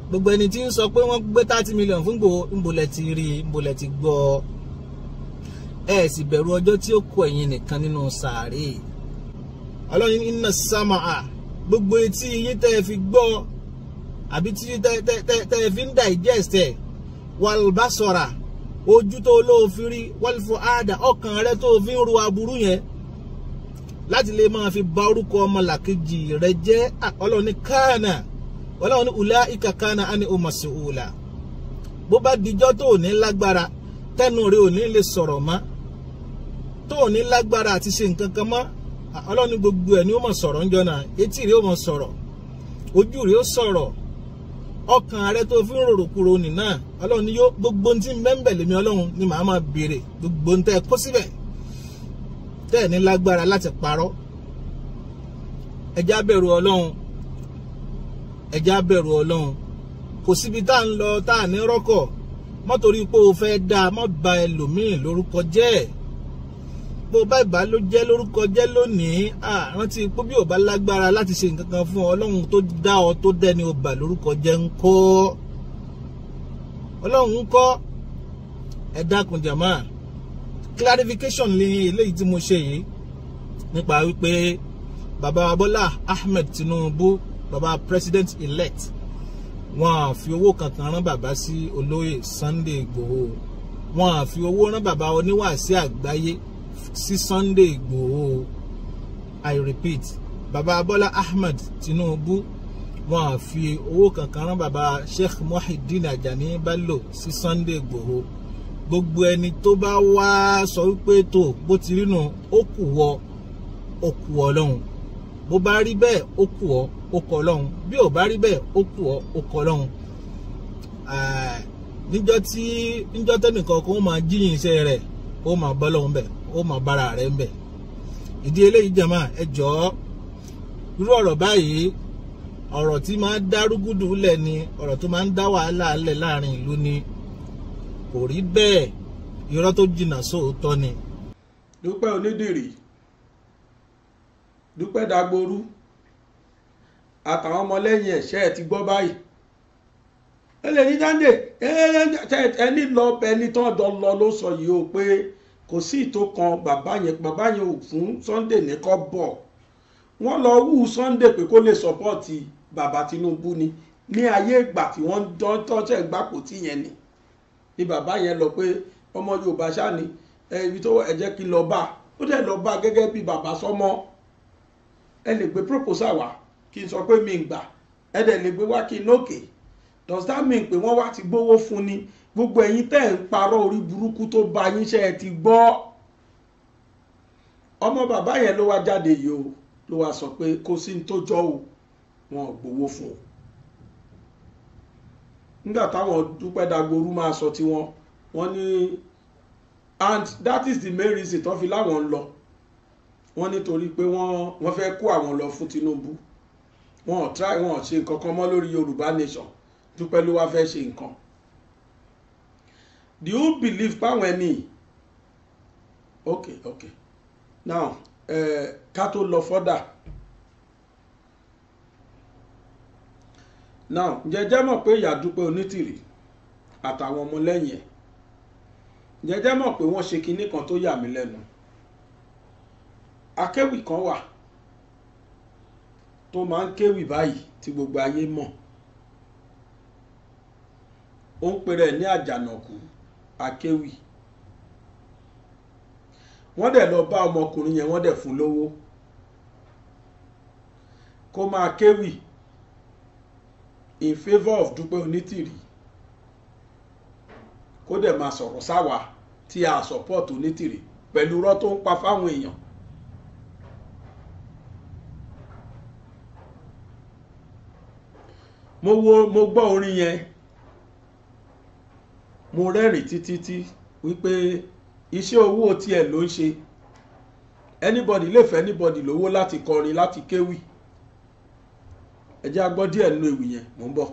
gbogbo ẹni tí ń sọ pé wọ́n gbé thirty million fún Ìgbòho ńbọ̀lẹ̀ ti rí ńbọ̀lẹ̀ ti gbọ́ ẹ sì bẹ̀rù ọjọ́ tí ó kó ẹ̀yin nìkan nínú sàárè ọlọ́run iná sámà á gbogbo etí yín tẹ́ ẹ fi gbọ́ àbí tí tẹ́ ẹ fi ń digest ẹ̀ wàlbásọ̀rà ojú tó olóòfin rí wálífọ àdà ọkàn rẹ tó fi ń ru aburú yẹn láti lè máa fi ba orúkọ ọmọlàkejì rẹ jẹ ah, ọlọ́run ní kánà ọlọ́run ní ùlá ìkà kánà á ní òmàṣẹ òòlà bó bá dijọ́ tó ní lágbára tẹnu rẹ ò ní lè sọ̀rọ̀ mọ́ tó ní lágbára àti ṣe nǹkan kan mọ́ ah, ọlọ́run gbogbo ni ó mọ̀ sọ̀rọ̀ ńjọ́ náà etí rẹ sọ̀rọ̀ ojú rẹ ó sọ̀rọ̀ ọkàn rẹ tó fi ń rorokuro nì náà ọlọ́run ni yóò gbogbo ohun tí ń bẹ́ẹ̀ lèmi ọlọ́run ni màá máa béèrè gbogbo ohun tẹ́ ẹ kó síbẹ̀ tẹ́ ẹ ní lágbára láti parọ́ ẹjá bẹ̀rù ọlọ́run ẹjá bẹ̀rù ọlọ́run kò síbi tá à ń lọ tá à ní rọ́kọ̀ mọ́tòrí pé o fẹ́ dáa mọ́ ba ẹlòmíì lórúkọ jẹ́ ẹ̀ bó bá ìbá ló jẹ́ lórúkọ jẹ́ lónìí rántí pé bí ò bá lágbára láti ṣe nǹkan kan fún ọ ọlọ́run tó dá ọ tó dẹ́ni ò bà lórúkọ jẹ́ ń kọ́ ọlọ́run ń kọ́ ẹ dákun jàmá clarification ni eléyìí tí mo ṣe yìí nípa wípé bàbá Bọ́lá Ahmed Tinubu bàbá president elect wọn à fi owó kankan rán bàbá sí olóyè Sunday Igboho wọn à fi owó rán bàbá oníwàásí àgbáyé sí Sunday Igboho i repeat baba Abola Ahmed Tinubu wọn à fi owó kankan rán baba Sheikh Muhyiddin Ajani Bello sí Sunday Igboho gbogbo ẹni tó bá wá sọ wípé tó bó ti rínú ó kù wọ ó kù ọlọ́run bó bá rí bẹ́ẹ̀ ó kù ọ ó kọ ọlọ́run bí ò bá rí bẹ́ẹ̀ ó kù ọ ó kọ ọlọ́run níjọ́ tí níjọ́ tẹ́nìkan kó máa jíyìn iṣẹ́ rẹ̀ ó máa bọ́ lọ́hún bẹ́ẹ̀ ó mọ̀ bára rẹ̀ ń bẹ̀ ìdí eléyìí jẹ̀mọ́ ẹ jọ̀ọ́ irú ọ̀rọ̀ báyìí ọ̀rọ̀ tí máa ń dá rúgúdù lẹ̀ ni ọ̀rọ̀ tó máa ń dá wàhálà lẹ̀ láàrin ìlú ni kò rí bẹ́ẹ̀ irọ́ tó jìnnà sóòótọ́ ni. dúpẹ́ onídìrí dúpẹ́ dagboru àtàwọn ọmọlẹ́yìn ẹ̀ṣẹ́ ẹ̀ ti gbọ́ báyìí ẹ lè ní dáńdè ẹ ní lọ ẹni tán dán lọ ló sọ yìí o pé kò sí ìtò kan bàbá yẹn bàbá yẹn ò fún Sunday ní kọ́ bọ̀ wọ́n lọ wú Sunday pé kó lè sọ́pọ́ọ̀tì bàbá Tinubu ni ní ayé ìgbà tí wọ́n tọ́jọ́ ìgbàpò tí yẹn ni ni bàbá yẹn lọ pé ọmọ Yorùbá ṣáà ni ibi tó ẹ jẹ́ kí lọ bá ó dẹ̀ lọ bá gẹ́gẹ́ bí bàbá sọmọ ẹ lè gbé proposal wá kí n sọ pé mi ń gbà ẹ dẹ̀ lè gbé wá kí n lókè does that mean pé wọ́n wá ti gbowó fún ni gbogbo ẹ̀yin tẹ́ ń parọ́ orí burúkú tó ba yín ṣe ẹ ti gbọ́ ọmọ bàbá yẹn ló wá jáde yìí o ló wá sọ pé kò sí ní tó jọ o wọn ò gbowó fún o nígbà táwọn dúpẹ́ dagboru máa sọ tiwọn wọ́n ní and that is the main reason tó fi láwọn ń lọ wọ́n nítorí pé wọ́n wọ́n fẹ́ kó àwọn lọ fún Tinubu wọn try wọn ò ṣe nǹkan kan mọ́ lórí Yorùbá nation dúpẹ́ ló wá fẹ́ ṣe nǹkan do you believe páwọn ẹni okay okay now ká tó lọ fọ́dà now jẹ́jẹ́ mọ̀ pé ìyàdúpẹ́ onítìrì àtàwọn ọmọlẹ́yìn ẹ̀ jẹ́jẹ́ mọ̀ pé wọ́n ṣe kinní kan tó yà mí lẹ́nu akéwì kan wà tó máa ń kéwì báyìí tí gbogbo ayé mọ̀ ó ń pè rẹ̀ ní àjànàkú akéwì wọ́n dẹ̀ lọ bá ọmọkùnrin yẹn wọ́n dẹ̀ fún lówó kó máa kéwì in favour of Dúpẹ́ Onítìrí kó dẹ̀ máa sọ̀rọ̀ sáwà tí a support Onítìrí pẹ̀lú irọ́ tó ń pa fáwọn èèyàn mo wo mo gbọ́ orin yẹn mo rẹ́rìn títí tí wípé iṣẹ́ owó tiẹ̀ ló ń ṣe anybody lè fẹ́ anybody lówó láti kọrin láti kéwì ẹ jẹ́ a gbọ́ díẹ̀ nínú ewì yẹn mò ń bọ̀.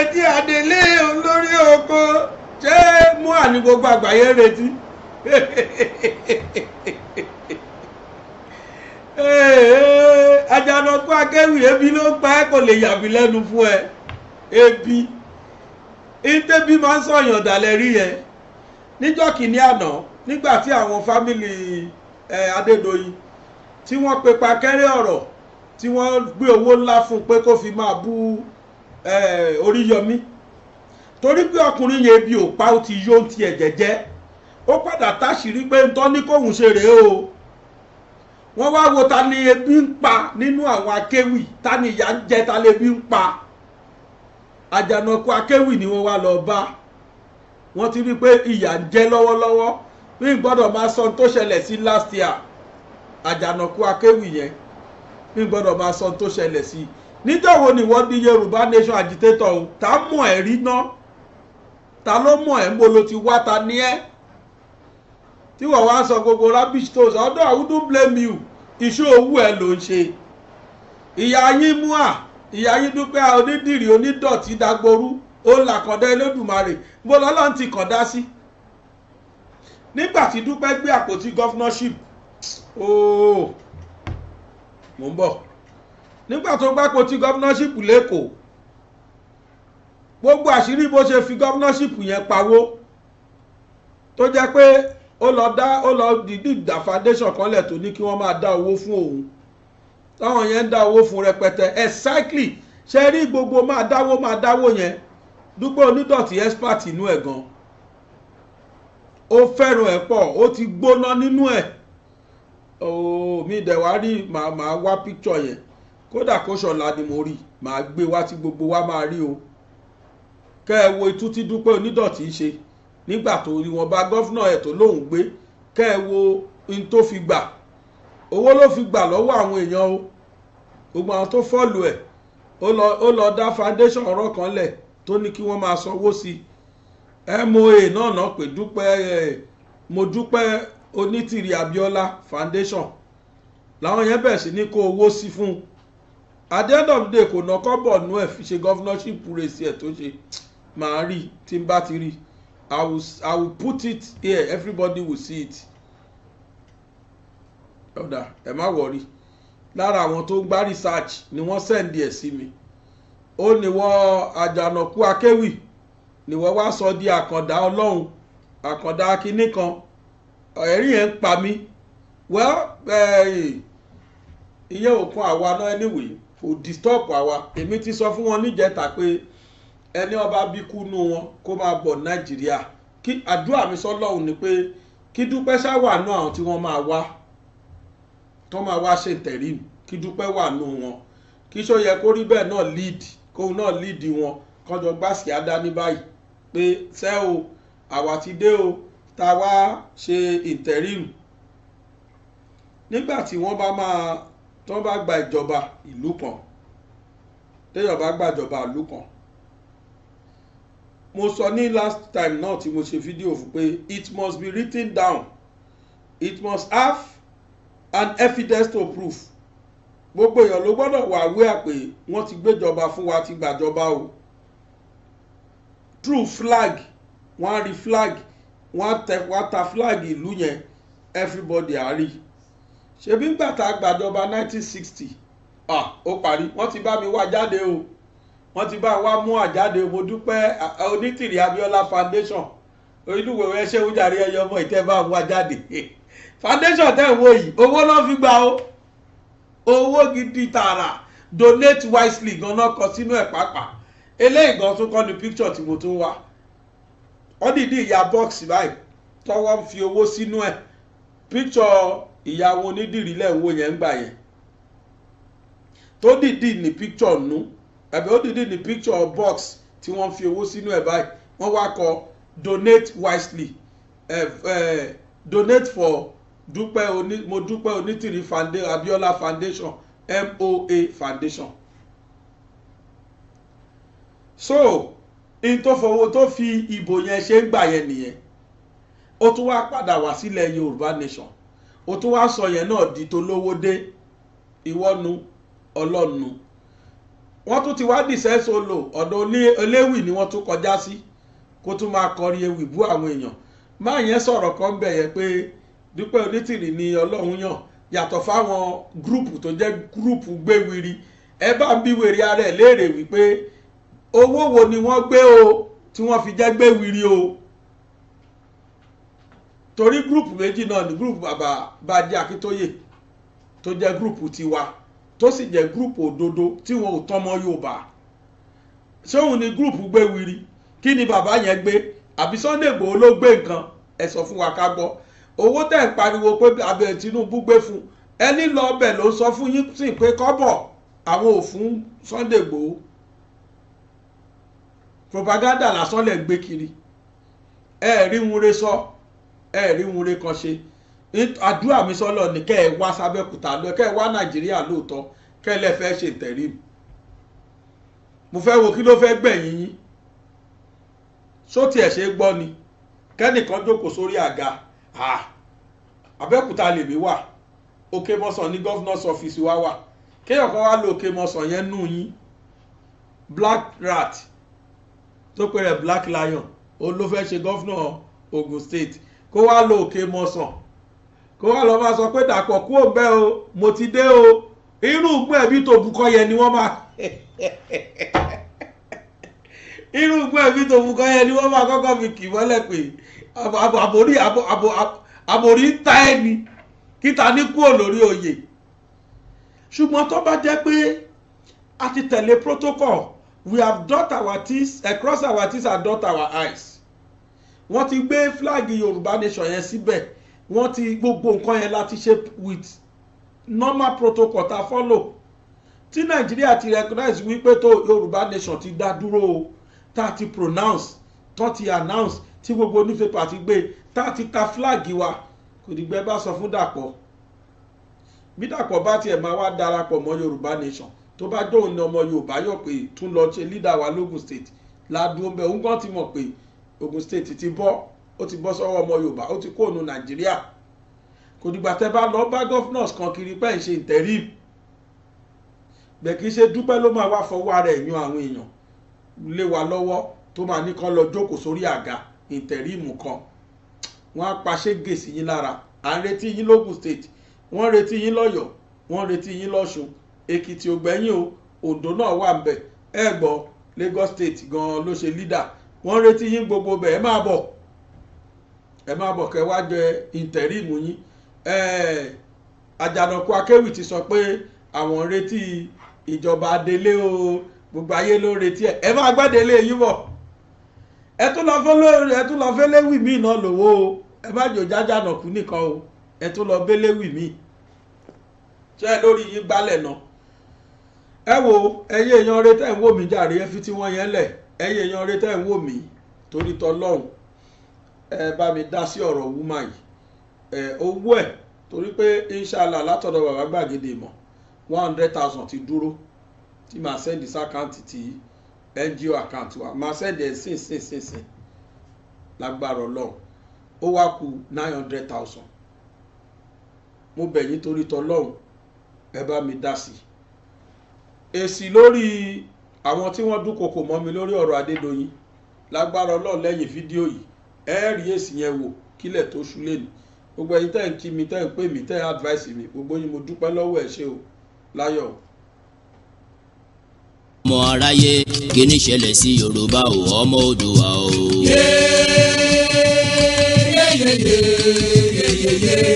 retí adelé olórí oko ṣé mú àní gbogbo àgbáyé retí *laughs* ajanakú akẹ́wì ebi ló ń pa ẹ́ kò lè yàbí lẹ́nu fún ẹ ebi ìtẹ́bí máa ń sọ̀yàn dàlẹ́ rí yẹn níjọ́ kìíní àná nígbà tí àwọn fámìlì Adédoyin tí wọ́n pe pakẹ́rẹ́ ọ̀rọ̀ tí wọ́n gbé owó ńlá fún pé kó fi máa bú Eh, oríyọmí torí pé ọkùnrin yẹn ebi ò pa ó ti yó ti ẹ̀jẹ̀ jẹ́ ó padà táṣìírí pé ń tọ́ ní kóhùn ṣe rèé o wọ́n wá wo ta ni ebi ń pa nínú àwọn akéwì ta ni ìyà ń jẹ ta lè bí ń pa àjànàkú akéwì ni wọ́n wá lọ bá wọ́n ti rí i pé ìyà ń jẹ lọ́wọ́lọ́wọ́ bí n gbọ́dọ̀ máa sọ tó ṣẹlẹ̀ sí last year àjànàkú akéwì yẹn bí n gbọ́dọ̀ máa sọ tó ṣẹlẹ̀ sí i níjọ́ wo ni wọ́n di yorùbá nation agitator o ta mọ̀ ẹ́ rí ná ta ló mọ̀ ẹ́ mo lo ti wá ta ní ẹ́ tí wọ́n wá sọ gbogbo rubbish tó sọ ọdọ́ àwùjọ blame you iṣẹ́ owó ẹ̀ ló ń ṣe ìyá yín mú à ìyá yín dúpẹ́ onídìrí onídọ̀tí dagboru ó là kọ̀dá Elédùmarè bó lọ́lọ́run ti kọ̀dá sí nígbà tí dúpẹ́ gbé àpótí governorship oh mò ń bọ̀ nígbà tó gbápò tí gọ́fúnọ́ṣìpù lẹ́kọ̀ọ́ gbogbo àṣírí bó ṣe fi gọ́fúnọ́ṣìpù yẹn pawó tó jẹ́ pé ó lọ dá ó lọ dìdí dá foundation kan lẹ̀ tó ní kí wọ́n máa dá owó fún òun táwọn yẹn ń dá owó fún rẹpẹtẹ exactly ṣe rí gbogbo máa dáwó máa dáwó yẹn dúpẹ́ onídọ̀tí expert inú ẹ̀ gan ó fẹ́ràn ẹ̀ pọ̀ ó ti gbóná nínú ẹ̀ oh mi dẹ̀ wá rí màá wá picture yẹn kódà kó ṣọ̀la ni mo rí màá gbé wá tí gbogbo wa máa rí o kẹ́ ẹ wo itú tí Dúpẹ́ Onídọ̀tí ṣe nígbà tó rí wọn bá gọ́fúnà ẹ̀ tó lóun gbé kẹ́ ẹ wo n tó fi gbà owó ló fi gbà lọ́wọ́ àwọn èèyàn o gbogbo àwọn tó fọ́ọ̀lù ẹ̀ ó lọ dá foundation ọ̀rọ̀ kan lẹ̀ tó ní kí wọ́n máa sanwó sí MOA náà náà pé Dúpẹ́ ẹ̀ mo dúpẹ́ Onítìrí Abíọ́lá foundation làwọn yẹn bẹ̀rẹ̀ sí ní kó owó sí fún un at the end of the day kò ná kọ́bọ̀ nú ẹ̀ fi ṣe governorship race ẹ̀ tó ṣe màá rí tí n bá ti rí i will i will put it here everybody will see it ọ̀dà ẹ̀ má wọ̀rí lára àwọn tó ń gbá research ni wọ́n send ẹ̀ sí mi ó ní wọ́n àjànàkú akéwì ni wọ́n wá sọ di àkàndá ọlọ́run àkàndá kínní kan ẹ̀rí yẹn ń pa mí well eh, ìyẹn ò kan àwa náà anyway kò disturb àwa èmi ti sọ fún wọn níjẹta pé ẹni ọba bíkú nú wọn kó máa bọ̀ nàìjíríà kí àdúrà mi sọ́lọ́hún ni pé kí dúpẹ́ ṣáwà náà àwọn tí wọ́n máa wá tó máa wá ṣe tẹ̀rí kí dúpẹ́ wà nú wọn kí sọ yẹ kó rí bẹ́ẹ̀ náà lead kóun náà lead wọn kọjọ gbàsí àdá ní báyìí pé ṣé o àwa ti dé o tá a wá ṣe interim nígbà tí wọ́n bá máa tí wọ́n bá gba ìjọba ìlú kan téèyàn bá gbàjọba ìlú kan mo sọ ní last time náà tí mo ṣe fídíò fún pé it must be written down it must have an evidence to prove gbogbo èèyàn ló gbọ́dọ̀ wà aware pé wọ́n ti gbéjọba fún wa ti gbàjọba o true flag wọ́n á rí flag wọ́n á ta flag ìlú yẹn everybody á rí i ṣebí ń gbàtà gbàjọba 1960 ah ó parí wọ́n ti bá mi wá jáde o wọ́n ti bá wa mú àjáde mo dúpẹ́ onítìrì Abiola Foundation olúwẹ̀wẹ̀ ẹ ṣé o jàre ẹyọ ọmọ ìtẹ́ bá wa jáde *laughs* foundation tẹ̀ ń wo yìí owó náà fi gbà o owó gidi tààrà donate wisely ganan kọ sínú ẹ̀ pàápàá eléyìí gan tún kọ́ ni picture tí mo tún wá wọ́n dìde ìyá box báyìí tọ́wọ́ fi owó sínú ẹ̀ picture ìyàwó onídìrí lẹ́ ń wo yẹn ń gbà yẹn tó dìdì ní picture nù àbí ó dìdì ní picture box tí wọ́n fi owó sínú ẹ̀ báyìí wọ́n wá kọ donate wisely eh, eh, donate for dúpẹ́ oní mo dúpẹ́ onítìrí foundation Abiola foundation MOA foundation so in tó fowó tó fi ìbò yẹn ṣe ń gbà yẹn nìyẹn ó tún wá padà wá sílẹ̀ Yorùbá nation o tún wá sọ yẹn náà di tó lówó dé ìwọ́nu ọlọ́nu wọ́n tún ti wá dìṣẹ́ solo ọ̀dọ̀ eléwì ni wọ́n tún kọjá sí kó tún máa kọrin ewì bú àwọn èèyàn máa yẹn sọ̀rọ̀ kan bẹ̀ yẹn pé Dúpẹ́ Onítìrì ni Ọlọ́run yàn yàtọ̀ fáwọn gúrùpù tó jẹ́ gúrùpù gbéwiri ẹ bá ń bí wèrè ara ẹ̀ léèrè wípé owó wo ni wọ́n gbé o tí wọ́n fi jẹ́ gbéwiri o torí gúrùpù méjì náà ni gúrùpù bàbá Bánjí Akíntóyè tó jẹ́ gúrùpù tiwa tó sì jẹ́ gúrùpù òdodo tí wọn ò tọ́mọ Yorùbá ṣóun ni gúrùpù gbé wiri kí ni bàbá yẹn gbé àbí Sunday Igboho ló gbé nǹkan ẹ sọ fún wa ká gbọ́ owó tẹ̀ ń pariwo pé abẹ Tinubu gbé fún ẹni lọ ọbẹ̀ ló sọ fún yín sí pé kọ́bọ̀ àwọn ò fún Sunday Igboho propaganda lásán lẹ̀ gbé kiri ẹ rí wọn re sọ. So ẹ rí ohun rere kan ṣe àdúrà mi sọ́lọ̀ ni kẹ́ ẹ wá sábẹ́kúta lọ kẹ́ ẹ wá nàìjíríà lóòótọ́ kẹ́ ẹ lẹ́ fẹ́ ṣe ìtẹ̀rí mi mo fẹ́ wo kí ló fẹ́ gbẹ̀yìn yín só tiẹ̀ ṣe gbọ́ ni kẹ́nìkan jókòó sórí àga àbẹ́kúta lèmi wà òkè mọ́sàn ní gọ́fúnọ́sì ọ́fíìsì wa wà kéèyàn kan wá lo òkè mọ́sàn yẹn nù yín black rat tó pè rẹ̀ black lion òun ló fẹ́ ṣe gọ́fúnà Ogun State kó wá lọ òkè mọ̀sán kó wá lọ máa sọ pé dàpọ̀ kú òbẹ́ o mo ti dé o irú ìgbọ́n ẹ̀bí tó bukọ́ ni wọ́n máa *laughs* irú ìgbọ́n ẹ̀bí tó bukọ́ ni wọ́n máa kọ́kọ́ fi kì mọ́lẹ̀ pé àbòrí àbòrí ta ẹni kíta ní kúrò lórí oyè ṣùgbọ́n tó bá jẹ́ pé a ti tẹ̀lé protocol we have dot our teeth across eh, our teeth and dot our eyes wọ́n ti gbé flag yorùbá nation yẹn síbẹ̀ wọ́n ti gbogbo nǹkan yẹn láti ṣe with normal protocol ta follow tí nàìjíríà ti recognize wípé tó yorùbá nation ti dá dúró o tá a ti pronounce tó ti announce tí gbogbo newspaper ti gbé tá a ti ta flag wa kò dìgbẹ́ bá sọ fún dàpọ̀ bí dàpọ̀ bá tiẹ̀ máa wá darapọ̀ mọ́ yorùbá nation tó bá dóun ní ọmọ yorùbá yọ̀ pé tún lọ ṣe leader wa logun state ládùúgbò òun gan ti mọ̀ pé Ogun State ti bọ́ ó ti bọ́ sọ́wọ́ ọmọ Yorùbá ó ti kóònù Nàìjíríà kò dìgbà tẹ́ bá lọ bá governors kan kiri pẹ́ ń ṣe interim bẹ́ẹ̀ kì í ṣe dúpẹ́ ló máa wá fọwọ́ ara ẹ̀yàn àwọn èèyàn lé wa lọ́wọ́ tó máa ní kán lọ jókòó sórí àga interim kan wọ́n á paṣẹ́ gèsì yín lára à ń retí yín lógùn state wọ́n retí yín lọ́yọ̀ọ́ wọ́n retí yín lọ́ṣun èkìtì ògbẹ́yìn o ondo náà wà ń bẹ̀ ẹ̀ gbọ́ Lagos state gan-an ló ṣe leader wọ́n retí yín gbogbo bẹ̀ ẹ máa bọ̀ ẹ máa bọ̀ kẹ́ wá jẹ ìntẹ̀ríìmù yín àjànàkú akéwì ti sọ pé àwọn retí ìjọba adelé o gbogbo ayé ló retí ẹ ẹ máa gbàdélé yín bọ̀ ẹ tún lọ fẹ́ lórí ẹ tún lọ fẹ́ léwì míì náà lówó o ẹ má jò jájànàkú nìkan o ẹ tún lọ béléwì míì ṣé ẹ lórí yín gbálẹ̀ náà ẹ wo ẹyẹ èèyàn retẹ́ ń wò mí jàre ẹ fi tí wọ́n yẹn lẹ̀ ẹ̀yin èèyàn rẹ tẹ́ wò mí torí tọlọ́hún ẹ bá mi dá sí ọ̀rọ̀ wúmà yìí ẹ owó ẹ̀ torí pé inshallah látọ̀dọ̀ bàbá gbàgede mọ̀ one hundred thousand ti dúró tí màá sẹ́ndì sákàǹtì ti ngo àkáǹtì wa màá sẹ́ndì ẹ̀ sìn sìn sìn sìn lágbára ọlọ́run ó wá kù nine hundred thousand mo bẹ̀ yín torí tọlọ́hún ẹ bá mi dá sí èsì lórí àwọn tí wọ́n dúnkokò mọ́ mi lórí ọ̀rọ̀ Adédoyin lágbára Ọlọ́run lẹ́yìn fídíò yìí ẹ rí èsì yẹn wò kílẹ̀ tó ṣú lé mi gbogbo ẹ̀yin tẹ́ ń kí mi tẹ́ ń pè mí tẹ́ ń advice mi gbogbo yín mo dúpẹ́ lọ́wọ́ ẹ̀ ṣe o láyọ̀ ọmọ aráyé kíní ṣẹlẹ̀ sí yorùbá o ọmọ Oòduà o. yéyéyéyéyéyé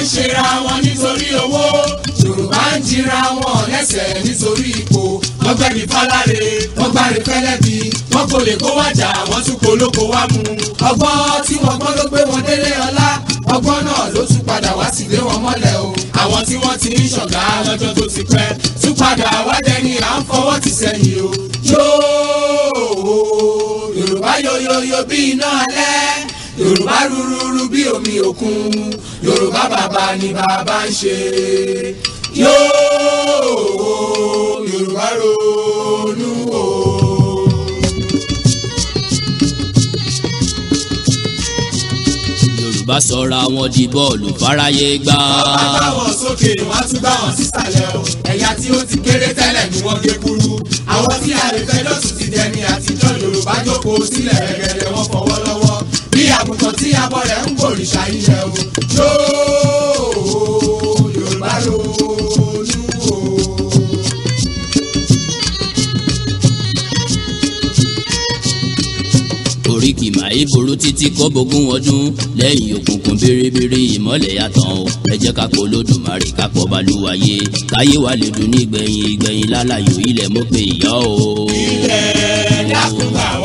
ń ṣera wọn nítorí owó yorùbá ń jira wọn lẹ́sẹ̀ nítorí ipò wọ́n gbẹ̀bí fáláre wọ́n gbáre fẹ́lẹ́bí wọ́n kò lè kó wájà wọ́n tún kó lóko wá mu. ọgbọ́n tí wọ́n gbọ́n ló gbé wọn délé ọlá ọgbọ́n náà ló tún padà wá sílé wọn mọ́lẹ̀ o àwọn tí wọ́n ti ń ṣọ̀gá lọ́jọ́ tó ti pẹ́ tún padà wá dẹni à ń fọwọ́ ti sẹ́yìn o. yóò Yorùbá yoyoyo bí iná alẹ́ yorùbá rúrúrú bí omi òkun yorùbá bàbá ni bàbá ń ṣe yóò yorùbá ronú o. yorùbá sọra wọn di bọ́ọ̀lù fáráyé gbá. bàbá táwọn sókè wá tún bá wọn sísàlẹ̀ o ẹ̀yà tí ó ti kéré tẹ́lẹ̀ ni wọ́n gé kúrú àwọn tí àrèfẹ́ lọ́sùn ti dẹni àtijọ́ yorùbá jókòó sílẹ̀ rẹ̀gẹ̀dẹ̀ wọn fọwọ́ lọ́wọ́ bí àgùntàn tí abọ rẹ̀ ń gbòrìṣà iṣẹ o yóò Yorùbá lónú o. oríkì màáyé ború títí kọ́ bógún ọdún lẹ́yìn òkùnkùn bèrèbèrè ìmọ́lẹ̀ yàtọ̀ o ẹ jẹ́ ká pọ̀ lódùmarè ká pọ̀ balùwàyè káyé wa lè dùn ní gbẹ̀yìn gbẹ̀yìn lálàyò ilẹ̀ mọ́ pé ìyá o. ilẹ̀ dákúbà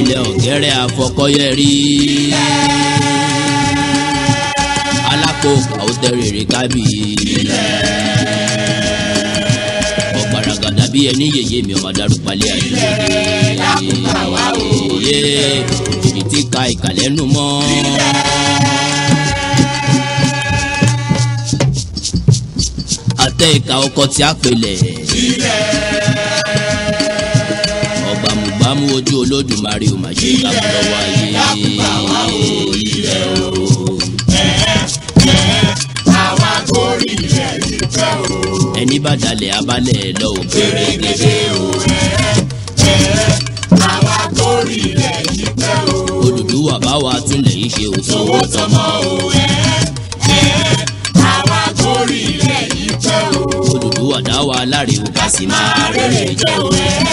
ilẹ̀ ọ̀gẹ́rẹ́ àfọkọ́yẹ rí. alákòókò àwòtẹ́rẹ̀ rẹ̀ kábì. ọ̀gbàràgàdà bí ẹni yèyé mi ọmọ darúgbálẹ̀ àdúgbòye. èmi ti ka ìkàlẹ́ nù mọ́. àtẹ ìka ọkọ tí a pèlè ojú olódùmarè ò mà ṣe ká fún lọ́wọ́ ayé. ìrẹ́ àwa ò ìrẹ́ o ẹ̀ẹ́ ẹ̀ẹ́ àwa kò rí ìrẹ́ ìfẹ́ o. ẹni bá dalẹ̀ abalẹ̀ lọ ò kéré gèdè o ẹ̀ẹ́ ẹ̀ẹ́ àwa kò rí bá wa túnlẹ̀ yìí ṣe ò tọmọ o ẹ̀ẹ́ dá wa láre o ká sì máa rere jẹ́ o